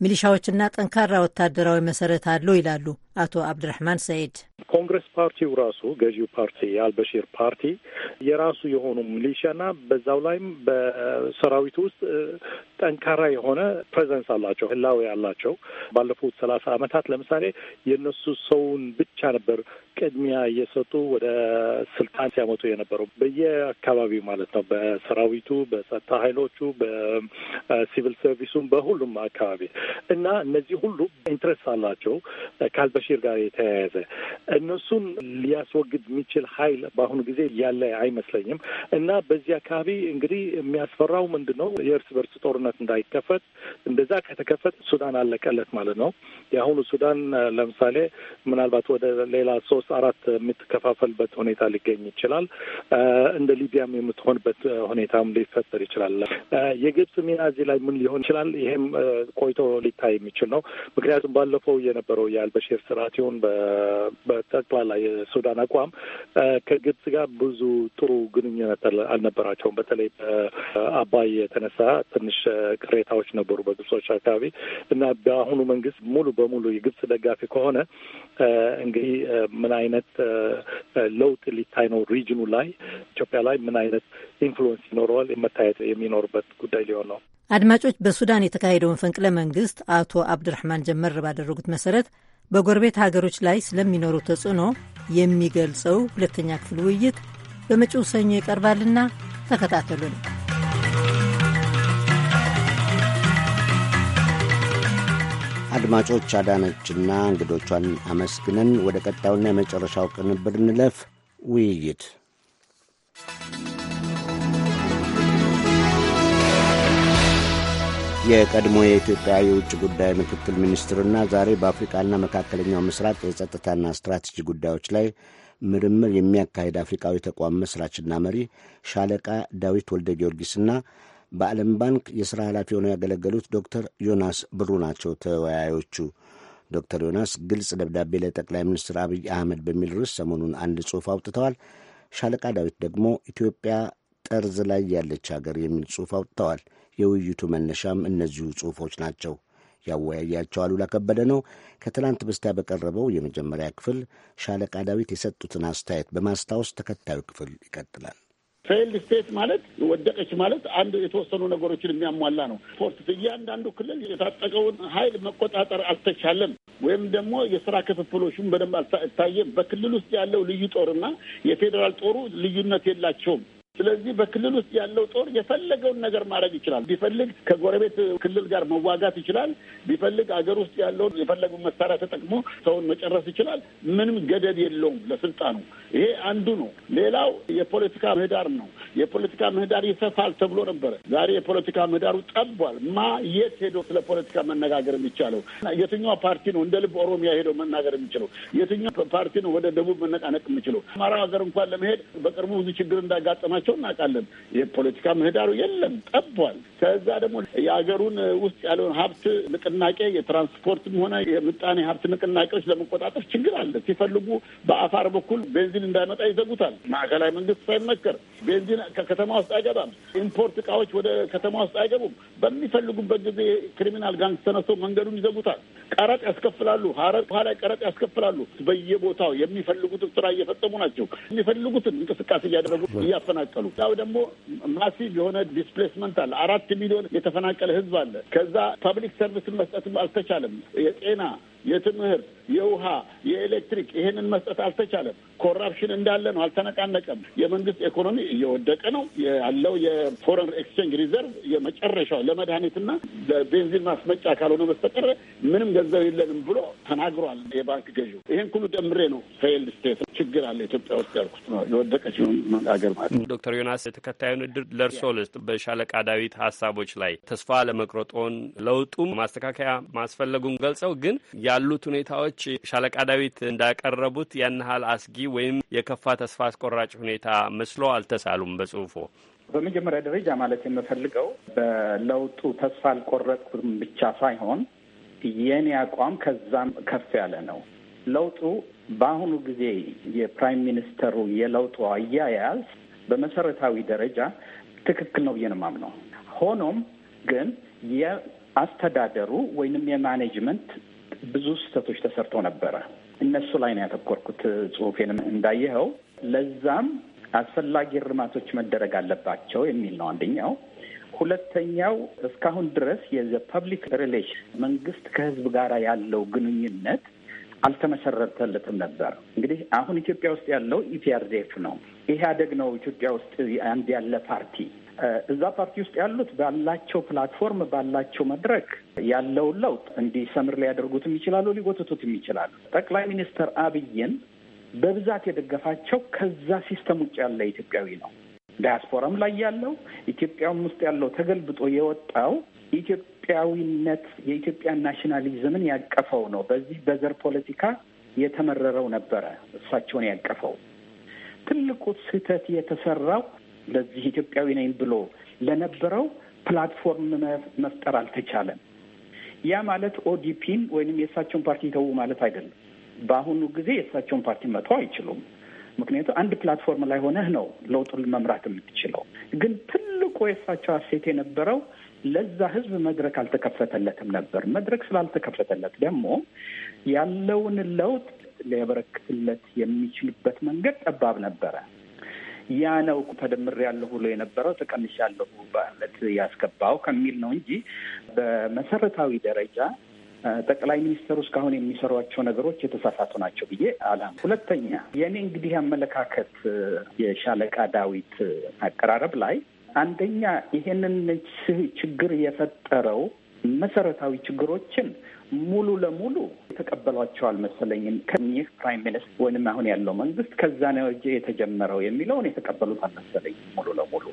S8: ሚሊሻዎችና ጠንካራ ወታደራዊ መሰረት አለው ይላሉ አቶ አብድራህማን ሰይድ።
S9: ኮንግረስ ፓርቲው ራሱ ገዢው ፓርቲ የአልበሺር ፓርቲ የራሱ የሆኑ ሚሊሻና በዛው ላይም በሰራዊቱ ውስጥ ጠንካራ የሆነ ፕሬዘንስ አላቸው፣ ህላዊ አላቸው። ባለፉት ሰላሳ አመታት ለምሳሌ የእነሱ ሰውን ብቻ ነበር ቅድሚያ እየሰጡ ወደ ስልጣን ሲያመጡ የነበረው በየአካባቢው ማለት ነው። በሰራዊቱ፣ በጸጥታ ኃይሎቹ፣ በሲቪል ሰርቪሱም፣ በሁሉም አካባቢ እና እነዚህ ሁሉ ኢንትረስት አላቸው ከአልበሺር ጋር የተያያዘ እነሱን ሊያስወግድ የሚችል ሀይል በአሁኑ ጊዜ ያለ አይመስለኝም። እና በዚህ አካባቢ እንግዲህ የሚያስፈራው ምንድን ነው? የእርስ በርስ ጦርነት እንዳይከፈት። እንደዛ ከተከፈት ሱዳን አለቀለት ማለት ነው። የአሁኑ ሱዳን ለምሳሌ ምናልባት ወደ ሌላ ሶስት አራት የምትከፋፈልበት ሁኔታ ሊገኝ ይችላል። እንደ ሊቢያም የምትሆንበት ሁኔታም ሊፈጠር ይችላል። የግብጽ ሚና እዚህ ላይ ምን ሊሆን ይችላል? ይሄም ቆይቶ ሊታይ የሚችል ነው። ምክንያቱም ባለፈው የነበረው የአልበሽር ስርዓት ይሁን በጠቅላላ የሱዳን አቋም ከግብጽ ጋር ብዙ ጥሩ ግንኙነት አልነበራቸውም። በተለይ በአባይ የተነሳ ትንሽ ቅሬታዎች ነበሩ በግብጾች አካባቢ እና በአሁኑ መንግስት ሙሉ በሙሉ የግብጽ ደጋፊ ከሆነ እንግዲህ ምን አይነት ለውጥ ሊታይ ነው ሪጅኑ ላይ ኢትዮጵያ ላይ ምን አይነት ኢንፍሉወንስ ይኖረዋል መታየት የሚኖርበት ጉዳይ ሊሆን ነው።
S8: አድማጮች፣ በሱዳን የተካሄደው ፈንቅለ መንግስት አቶ አብድራህማን ጀመር ባደረጉት መሰረት በጎረቤት ሀገሮች ላይ ስለሚኖረው ተጽዕኖ የሚገልጸው ሁለተኛ ክፍል ውይይት በመጪው ሰኞ ይቀርባልና ተከታተሉን።
S4: አድማጮች፣ አዳነችና እንግዶቿን አመስግነን ወደ ቀጣዩና የመጨረሻው ቅንብር እንለፍ። ውይይት የቀድሞ የኢትዮጵያ የውጭ ጉዳይ ምክትል ሚኒስትርና ዛሬ በአፍሪቃና መካከለኛው ምስራቅ የጸጥታና ስትራቴጂ ጉዳዮች ላይ ምርምር የሚያካሄድ አፍሪቃዊ ተቋም መስራችና መሪ ሻለቃ ዳዊት ወልደ ጊዮርጊስና በዓለም ባንክ የሥራ ኃላፊ ሆነው ያገለገሉት ዶክተር ዮናስ ብሩ ናቸው ተወያዮቹ። ዶክተር ዮናስ ግልጽ ደብዳቤ ለጠቅላይ ሚኒስትር አብይ አህመድ በሚል ርዕስ ሰሞኑን አንድ ጽሑፍ አውጥተዋል። ሻለቃ ዳዊት ደግሞ ኢትዮጵያ ጠርዝ ላይ ያለች ሀገር የሚል ጽሑፍ አውጥተዋል። የውይይቱ መነሻም እነዚሁ ጽሑፎች ናቸው። ያወያያቸው አሉላ ከበደ ነው። ከትላንት በስቲያ በቀረበው የመጀመሪያ ክፍል ሻለቃ ዳዊት የሰጡትን አስተያየት በማስታወስ ተከታዩ
S10: ክፍል ይቀጥላል። ፌይልድ ስቴት ማለት ወደቀች ማለት አንድ የተወሰኑ ነገሮችን የሚያሟላ ነው። ፖርት እያንዳንዱ ክልል የታጠቀውን ኃይል መቆጣጠር አልተቻለም፣ ወይም ደግሞ የስራ ክፍፍሎቹም በደንብ አልታየም። በክልል ውስጥ ያለው ልዩ ጦርና የፌዴራል ጦሩ ልዩነት የላቸውም። ስለዚህ በክልል ውስጥ ያለው ጦር የፈለገውን ነገር ማድረግ ይችላል። ቢፈልግ ከጎረቤት ክልል ጋር መዋጋት ይችላል። ቢፈልግ አገር ውስጥ ያለውን የፈለገውን መሳሪያ ተጠቅሞ ሰውን መጨረስ ይችላል። ምንም ገደብ የለውም ለስልጣኑ። ይሄ አንዱ ነው። ሌላው የፖለቲካ ምህዳር ነው። የፖለቲካ ምህዳር ይሰፋል ተብሎ ነበረ። ዛሬ የፖለቲካ ምህዳሩ ጠቧል። ማ የት ሄዶ ስለ ፖለቲካ መነጋገር የሚቻለው? የትኛው ፓርቲ ነው እንደ ልብ ኦሮሚያ ሄዶ መናገር የሚችለው? የትኛው ፓርቲ ነው ወደ ደቡብ መነቃነቅ የሚችለው? አማራ ሀገር እንኳን ለመሄድ በቅርቡ ብዙ ችግር እንዳጋጠማ? መሆናቸው እናውቃለን። የፖለቲካ ምህዳሩ የለም፣ ጠቧል። ከዛ ደግሞ የሀገሩን ውስጥ ያለውን ሀብት ንቅናቄ የትራንስፖርትም ሆነ የምጣኔ ሀብት ንቅናቄዎች ለመቆጣጠር ችግር አለ። ሲፈልጉ በአፋር በኩል ቤንዚን እንዳይመጣ ይዘጉታል። ማዕከላዊ መንግስት ሳይመከር ቤንዚን ከከተማ ውስጥ አይገባም። ኢምፖርት እቃዎች ወደ ከተማ ውስጥ አይገቡም። በሚፈልጉበት ጊዜ ክሪሚናል ጋንግ ተነስተው መንገዱን ይዘጉታል። ቀረጥ ያስከፍላሉ። ሀረር ቀረጥ ያስከፍላሉ። በየቦታው የሚፈልጉትን ስራ እየፈጸሙ ናቸው። የሚፈልጉትን እንቅስቃሴ እያደረጉ እያፈናቀሉ ቀጠሉ። ያው ደግሞ ማሲቭ የሆነ ዲስፕሌስመንት አለ። አራት ሚሊዮን የተፈናቀለ ህዝብ አለ። ከዛ ፐብሊክ ሰርቪስን መስጠትም አልተቻለም። የጤና የትምህርት የውሃ፣ የኤሌክትሪክ ይሄንን መስጠት አልተቻለም። ኮራፕሽን እንዳለ ነው፣ አልተነቃነቀም። የመንግስት ኢኮኖሚ እየወደቀ ነው ያለው። የፎረን ኤክስቼንጅ ሪዘርቭ የመጨረሻው ለመድኃኒትና ለቤንዚን ማስመጫ ካልሆነ በስተቀር ምንም ገንዘብ የለንም ብሎ ተናግሯል የባንክ ገዢው። ይህን ሁሉ ደምሬ ነው ፌይልድ ስቴት ችግር አለ ኢትዮጵያ ውስጥ ያልኩት ነው። ሲሆን
S16: ሀገር ማለት ነው። ዶክተር ዮናስ ተከታዩን እድል ለእርሶ ልስጥ። በሻለቃ ዳዊት ሀሳቦች ላይ ተስፋ ለመቁረጦን ለውጡም ማስተካከያ ማስፈለጉን ገልጸው ግን ያሉት ሁኔታዎች ሁኔታዎች ሻለቃ ዳዊት እንዳቀረቡት ያን ያህል አስጊ ወይም የከፋ ተስፋ አስቆራጭ ሁኔታ መስሎ አልተሳሉም በጽሁፎ።
S7: በመጀመሪያ ደረጃ ማለት የምፈልገው በለውጡ ተስፋ አልቆረጥኩም ብቻ ሳይሆን የኔ አቋም ከዛም ከፍ ያለ ነው። ለውጡ በአሁኑ ጊዜ የፕራይም ሚኒስተሩ የለውጡ አያያዝ በመሰረታዊ ደረጃ ትክክል ነው ብዬ ነው የማምነው። ሆኖም ግን የአስተዳደሩ ወይንም የማኔጅመንት ብዙ ስህተቶች ተሰርተው ነበረ። እነሱ ላይ ነው ያተኮርኩት። ጽሁፌንም እንዳየኸው ለዛም አስፈላጊ እርማቶች መደረግ አለባቸው የሚል ነው አንደኛው። ሁለተኛው እስካሁን ድረስ ፐብሊክ ሪሌሽን መንግስት ከህዝብ ጋር ያለው ግንኙነት አልተመሰረተለትም ነበር። እንግዲህ አሁን ኢትዮጵያ ውስጥ ያለው ኢፒአርዴፍ ነው። ኢህአዴግ ነው ኢትዮጵያ ውስጥ አንድ ያለ ፓርቲ እዛ ፓርቲ ውስጥ ያሉት ባላቸው ፕላትፎርም ባላቸው መድረክ ያለውን ለውጥ እንዲሰምር ሊያደርጉትም ይችላሉ፣ ሊጎትቱትም ይችላሉ። ጠቅላይ ሚኒስትር አብይን በብዛት የደገፋቸው ከዛ ሲስተም ውጭ ያለ ኢትዮጵያዊ ነው። ዳያስፖራም ላይ ያለው ኢትዮጵያም ውስጥ ያለው ተገልብጦ የወጣው ኢትዮጵያዊነት የኢትዮጵያ ናሽናሊዝምን ያቀፈው ነው። በዚህ በዘር ፖለቲካ የተመረረው ነበረ እሳቸውን ያቀፈው። ትልቁ ስህተት የተሰራው ለዚህ ኢትዮጵያዊ ነኝ ብሎ ለነበረው ፕላትፎርም መፍጠር አልተቻለም። ያ ማለት ኦዲፒን ወይንም የእሳቸውን ፓርቲ ተዉ ማለት አይደለም። በአሁኑ ጊዜ የእሳቸውን ፓርቲ መቶ አይችሉም። ምክንያቱም አንድ ፕላትፎርም ላይ ሆነህ ነው ለውጡን መምራት የምትችለው። ግን ትልቁ የእሳቸው አሴት የነበረው ለዛ ህዝብ መድረክ አልተከፈተለትም ነበር። መድረክ ስላልተከፈተለት ደግሞ ያለውን ለውጥ ሊያበረክትለት የሚችልበት መንገድ ጠባብ ነበረ። ያ ነው ተደምር ያለሁ ብሎ የነበረው ተቀንሽ ያለሁ ያስገባው ከሚል ነው እንጂ በመሰረታዊ ደረጃ ጠቅላይ ሚኒስትሩ እስካሁን የሚሰሯቸው ነገሮች የተሳሳቱ ናቸው ብዬ አላም። ሁለተኛ የእኔ እንግዲህ አመለካከት የሻለቃ ዳዊት አቀራረብ ላይ አንደኛ ይሄንን ችግር የፈጠረው መሰረታዊ ችግሮችን ሙሉ ለሙሉ የተቀበሏቸው አልመሰለኝም። ከኒህ ፕራይም ሚኒስትር ወይንም አሁን ያለው መንግስት ከዛ ነው እጅ የተጀመረው የሚለውን የተቀበሉት አልመሰለኝም ሙሉ ለሙሉ።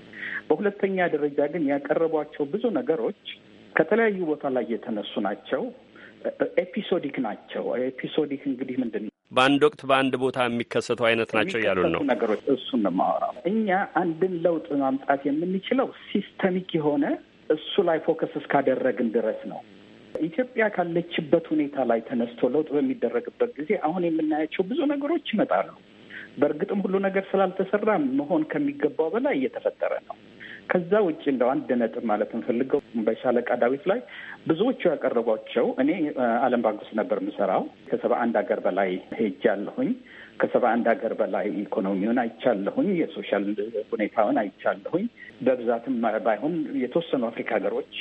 S7: በሁለተኛ ደረጃ ግን ያቀረቧቸው ብዙ ነገሮች ከተለያዩ ቦታ ላይ የተነሱ ናቸው። ኤፒሶዲክ ናቸው። ኤፒሶዲክ እንግዲህ ምንድን ነው
S16: በአንድ ወቅት በአንድ ቦታ የሚከሰተው አይነት ናቸው እያሉን ነው ነገሮች። እሱን ነው የማወራው።
S7: እኛ አንድን ለውጥ ማምጣት የምንችለው ሲስተሚክ የሆነ እሱ ላይ ፎከስ እስካደረግን ድረስ ነው። ኢትዮጵያ ካለችበት ሁኔታ ላይ ተነስቶ ለውጥ በሚደረግበት ጊዜ አሁን የምናያቸው ብዙ ነገሮች ይመጣሉ። በእርግጥም ሁሉ ነገር ስላልተሰራ መሆን ከሚገባው በላይ እየተፈጠረ ነው። ከዛ ውጭ እንደው አንድ ነጥብ ማለት እንፈልገው በሻለቃ ዳዊት ላይ ብዙዎቹ ያቀረቧቸው እኔ ዓለም ባንክ ውስጥ ነበር የምሰራው ከሰባ አንድ ሀገር በላይ ሄጃለሁኝ። ከሰባ አንድ ሀገር በላይ ኢኮኖሚውን አይቻለሁኝ፣ የሶሻል ሁኔታውን አይቻለሁኝ። በብዛትም ባይሆን የተወሰኑ አፍሪካ ሀገሮች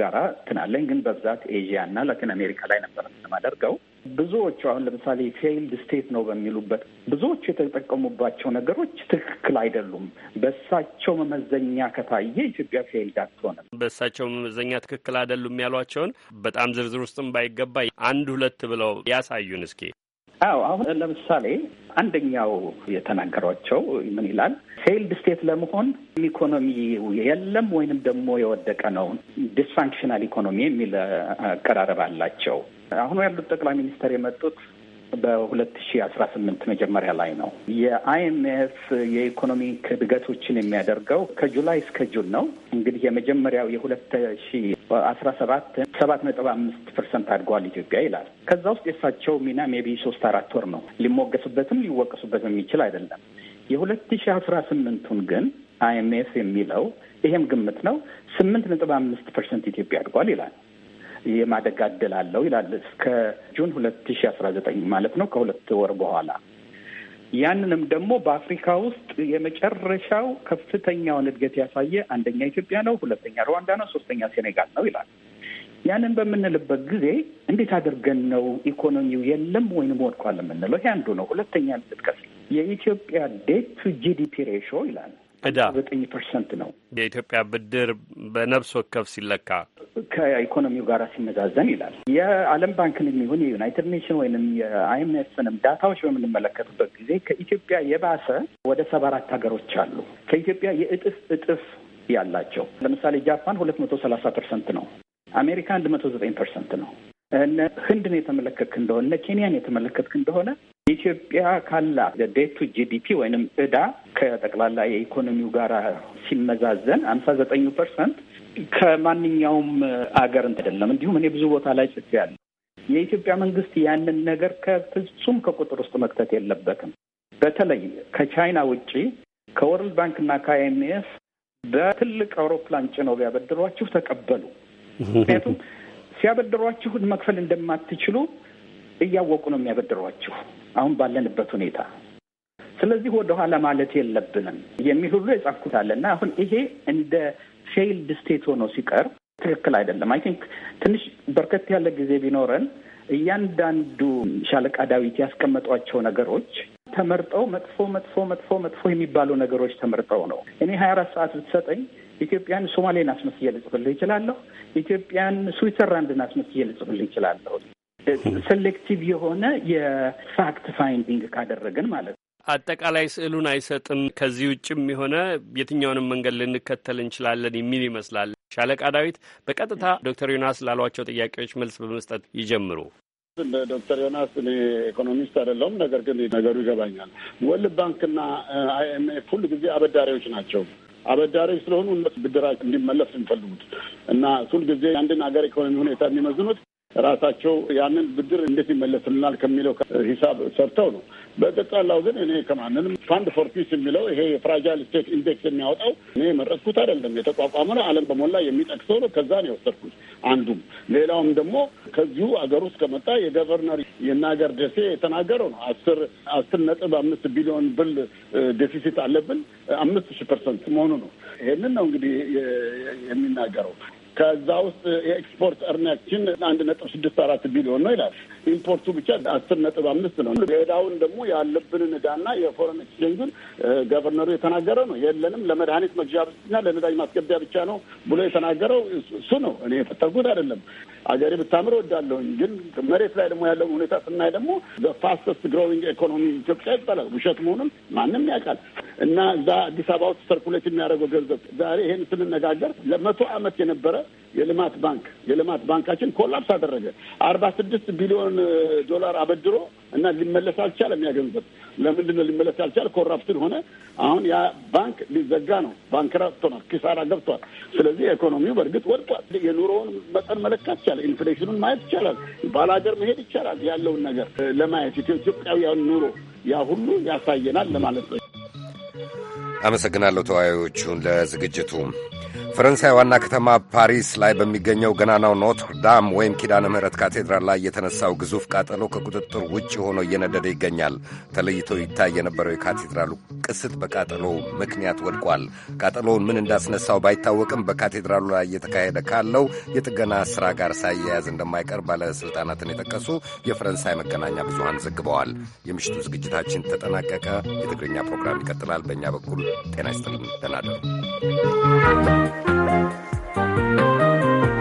S7: ጋራ ትናለኝ፣ ግን በብዛት ኤዥያ እና ላቲን አሜሪካ ላይ ነበር የማደርገው። ብዙዎቹ አሁን ለምሳሌ ፌይልድ ስቴት ነው በሚሉበት ብዙዎቹ የተጠቀሙባቸው ነገሮች ትክክል አይደሉም። በእሳቸው መመዘኛ ከታየ ኢትዮጵያ ፌይልድ አትሆንም።
S16: በእሳቸው መመዘኛ ትክክል አይደሉም ያሏቸውን በጣም ዝርዝር ውስጥም ባይገባ አንድ ሁለት ብለው ያሳዩን እስኪ።
S7: አዎ አሁን ለምሳሌ አንደኛው የተናገሯቸው ምን ይላል? ፌይልድ ስቴት ለመሆን ኢኮኖሚ የለም ወይንም ደግሞ የወደቀ ነው፣ ዲስፋንክሽናል ኢኮኖሚ የሚል አቀራረብ አላቸው። አሁኑ ያሉት ጠቅላይ ሚኒስትር የመጡት በሁለት ሺ አስራ ስምንት መጀመሪያ ላይ ነው። የአይኤምኤፍ የኢኮኖሚ እድገቶችን የሚያደርገው ከጁላይ እስከ ጁን ነው። እንግዲህ የመጀመሪያው የሁለት ሺ አስራ ሰባት ሰባት ነጥብ አምስት ፐርሰንት አድጓል ኢትዮጵያ ይላል። ከዛ ውስጥ የእሳቸው ሚና ሜቢ ሶስት አራት ወር ነው። ሊሞገሱበትም ሊወቀሱበት የሚችል አይደለም። የሁለት ሺ አስራ ስምንቱን ግን አይኤምኤፍ የሚለው ይሄም ግምት ነው ስምንት ነጥብ አምስት ፐርሰንት ኢትዮጵያ አድጓል ይላል። የማደግ እድል አለው ይላል። እስከ ጁን ሁለት ሺ አስራ ዘጠኝ ማለት ነው ከሁለት ወር በኋላ ያንንም ደግሞ በአፍሪካ ውስጥ የመጨረሻው ከፍተኛውን እድገት ያሳየ አንደኛ ኢትዮጵያ ነው፣ ሁለተኛ ሩዋንዳ ነው፣ ሶስተኛ ሴኔጋል ነው ይላል። ያንን በምንልበት ጊዜ እንዴት አድርገን ነው ኢኮኖሚው የለም ወይንም ወድቋል የምንለው? ይሄ አንዱ ነው። ሁለተኛ ልጥቀስ፣ የኢትዮጵያ ዴት ቱ ጂዲፒ ሬሾ
S16: ይላል። እዳ ዘጠኝ ፐርሰንት ነው የኢትዮጵያ ብድር በነፍስ ወከፍ ሲለካ ከኢኮኖሚው
S7: ጋር ሲመዛዘን ይላል። የዓለም ባንክን የሚሆን የዩናይትድ ኔሽን ወይም የአይኤምኤፍንም ዳታዎች በምንመለከትበት ጊዜ ከኢትዮጵያ የባሰ ወደ ሰባ አራት ሀገሮች አሉ ከኢትዮጵያ የእጥፍ እጥፍ ያላቸው ለምሳሌ ጃፓን ሁለት መቶ ሰላሳ ፐርሰንት ነው። አሜሪካ አንድ መቶ ዘጠኝ ፐርሰንት ነው። እነ ህንድን የተመለከትክ እንደሆነ እነ ኬንያን የተመለከትክ እንደሆነ ኢትዮጵያ ካላት ዴቱ ጂዲፒ ወይንም እዳ ከጠቅላላ የኢኮኖሚው ጋር ሲመዛዘን አምሳ ዘጠኙ ፐርሰንት ከማንኛውም አገር አይደለም። እንዲሁም እኔ ብዙ ቦታ ላይ ጽፌያለሁ። የኢትዮጵያ መንግስት ያንን ነገር ከፍጹም ከቁጥር ውስጥ መክተት የለበትም። በተለይ ከቻይና ውጪ ከወርልድ ባንክ እና ከአይኤምኤፍ በትልቅ አውሮፕላን ጭነው ቢያበድሯችሁ ተቀበሉ። ምክንያቱም ሲያበድሯችሁን መክፈል እንደማትችሉ እያወቁ ነው የሚያበድሯችሁ አሁን ባለንበት ሁኔታ። ስለዚህ ወደ ኋላ ማለት የለብንም የሚል ሁሉ የጻፍኩት እና አሁን ይሄ እንደ ፌይልድ ስቴት ሆኖ ሲቀር ትክክል አይደለም። አይ ቲንክ ትንሽ በርከት ያለ ጊዜ ቢኖረን እያንዳንዱ ሻለቃ ዳዊት ያስቀመጧቸው ነገሮች ተመርጠው መጥፎ መጥፎ መጥፎ መጥፎ የሚባሉ ነገሮች ተመርጠው ነው። እኔ ሀያ አራት ሰዓት ብትሰጠኝ ኢትዮጵያን ሶማሌን አስመስዬ ልጽፍልህ ይችላለሁ። ኢትዮጵያን ስዊትዘርላንድን አስመስዬ ልጽፍልህ ይችላለሁ። ሴሌክቲቭ የሆነ የፋክት ፋይንዲንግ ካደረግን ማለት ነው።
S16: አጠቃላይ ስዕሉን አይሰጥም። ከዚህ ውጭም የሆነ የትኛውንም መንገድ ልንከተል እንችላለን የሚል ይመስላል። ሻለቃ ዳዊት በቀጥታ ዶክተር ዮናስ ላሏቸው ጥያቄዎች መልስ በመስጠት ይጀምሩ።
S10: እንደ ዶክተር ዮናስ እኔ ኢኮኖሚስት አይደለሁም፣ ነገር ግን ነገሩ ይገባኛል። ወርልድ ባንክና አይኤምኤፍ ሁሉ ጊዜ አበዳሪዎች ናቸው። አበዳሪዎች ስለሆኑ እነሱ እንዲመለስ የሚፈልጉት እና ሁል ጊዜ አንድን ሀገር ኢኮኖሚ ሁኔታ የሚመዝኑት ራሳቸው ያንን ብድር እንዴት ይመለስልናል ከሚለው ሂሳብ ሰርተው ነው። በጠቅላላው ግን እኔ ከማንንም ፋንድ ፎር ፒስ የሚለው ይሄ የፍራጃይል ስቴት ኢንዴክስ የሚያወጣው እኔ የመረጥኩት አይደለም። የተቋቋመ ነው። ዓለም በሞላ የሚጠቅሰው ነው። ከዛ ነው የወሰድኩት አንዱም። ሌላውም ደግሞ ከዚሁ አገር ውስጥ ከመጣ የገቨርነር የናገር ደሴ የተናገረው ነው። አስር አስር ነጥብ አምስት ቢሊዮን ብል ዴፊሲት አለብን አምስት ሺህ ፐርሰንት መሆኑ ነው። ይሄንን ነው እንግዲህ የሚናገረው ከዛ ውስጥ የኤክስፖርት እርናችን አንድ ነጥብ ስድስት አራት ቢሊዮን ነው ይላል። ኢምፖርቱ ብቻ አስር ነጥብ አምስት ነው። የዕዳውን ደግሞ ያለብንን ዕዳና የፎረን ኤክስቼንጁን ገቨርነሩ የተናገረ ነው። የለንም ለመድኃኒት መግዣ ብና ለነዳጅ ማስገቢያ ብቻ ነው ብሎ የተናገረው እሱ ነው። እኔ የፈጠርኩት አይደለም። አገሬ ብታምር ወዳለሁኝ፣ ግን መሬት ላይ ደግሞ ያለው ሁኔታ ስናይ ደግሞ በፋስተስት ግሮዊንግ ኢኮኖሚ ኢትዮጵያ ይባላል። ውሸት መሆኑን ማንም ያውቃል። እና እዛ አዲስ አበባ ውስጥ ሰርኩሌት የሚያደርገው ገንዘብ ዛሬ ይሄን ስንነጋገር ለመቶ ዓመት የነበረ የልማት ባንክ የልማት ባንካችን ኮላፕስ አደረገ። አርባ ስድስት ቢሊዮን ዶላር አበድሮ እና ሊመለስ አልቻለም። ያ ገንዘብ ለምንድን ነው ሊመለስ ያልቻል? ኮራፕትን ሆነ። አሁን ያ ባንክ ሊዘጋ ነው። ባንክራት ሆኗል። ኪሳራ ገብቷል። ስለዚህ ኢኮኖሚው በእርግጥ ወድቋል። የኑሮውን መጠን መለካት ይቻላል። ኢንፍሌሽኑን ማየት ይቻላል። ባላገር መሄድ ይቻላል። ያለውን ነገር ለማየት ኢትዮጵያውያን ኑሮ ያ ሁሉ ያሳየናል ለማለት ነው።
S1: አመሰግናለሁ ተወያዮቹን ለዝግጅቱ። ፈረንሳይ ዋና ከተማ ፓሪስ ላይ በሚገኘው ገናናው ኖትርዳም ወይም ኪዳነ ምሕረት ካቴድራል ላይ የተነሳው ግዙፍ ቃጠሎ ከቁጥጥር ውጭ ሆኖ እየነደደ ይገኛል። ተለይቶ ይታይ የነበረው የካቴድራሉ ቅስት በቃጠሎ ምክንያት ወድቋል። ቃጠሎውን ምን እንዳስነሳው ባይታወቅም በካቴድራሉ ላይ እየተካሄደ ካለው የጥገና ሥራ ጋር ሳያያዝ እንደማይቀር ባለሥልጣናትን የጠቀሱ የፈረንሳይ መገናኛ ብዙሃን ዘግበዋል። የምሽቱ ዝግጅታችን ተጠናቀቀ። የትግርኛ ፕሮግራም ይቀጥላል። በእኛ በኩል tenés tan,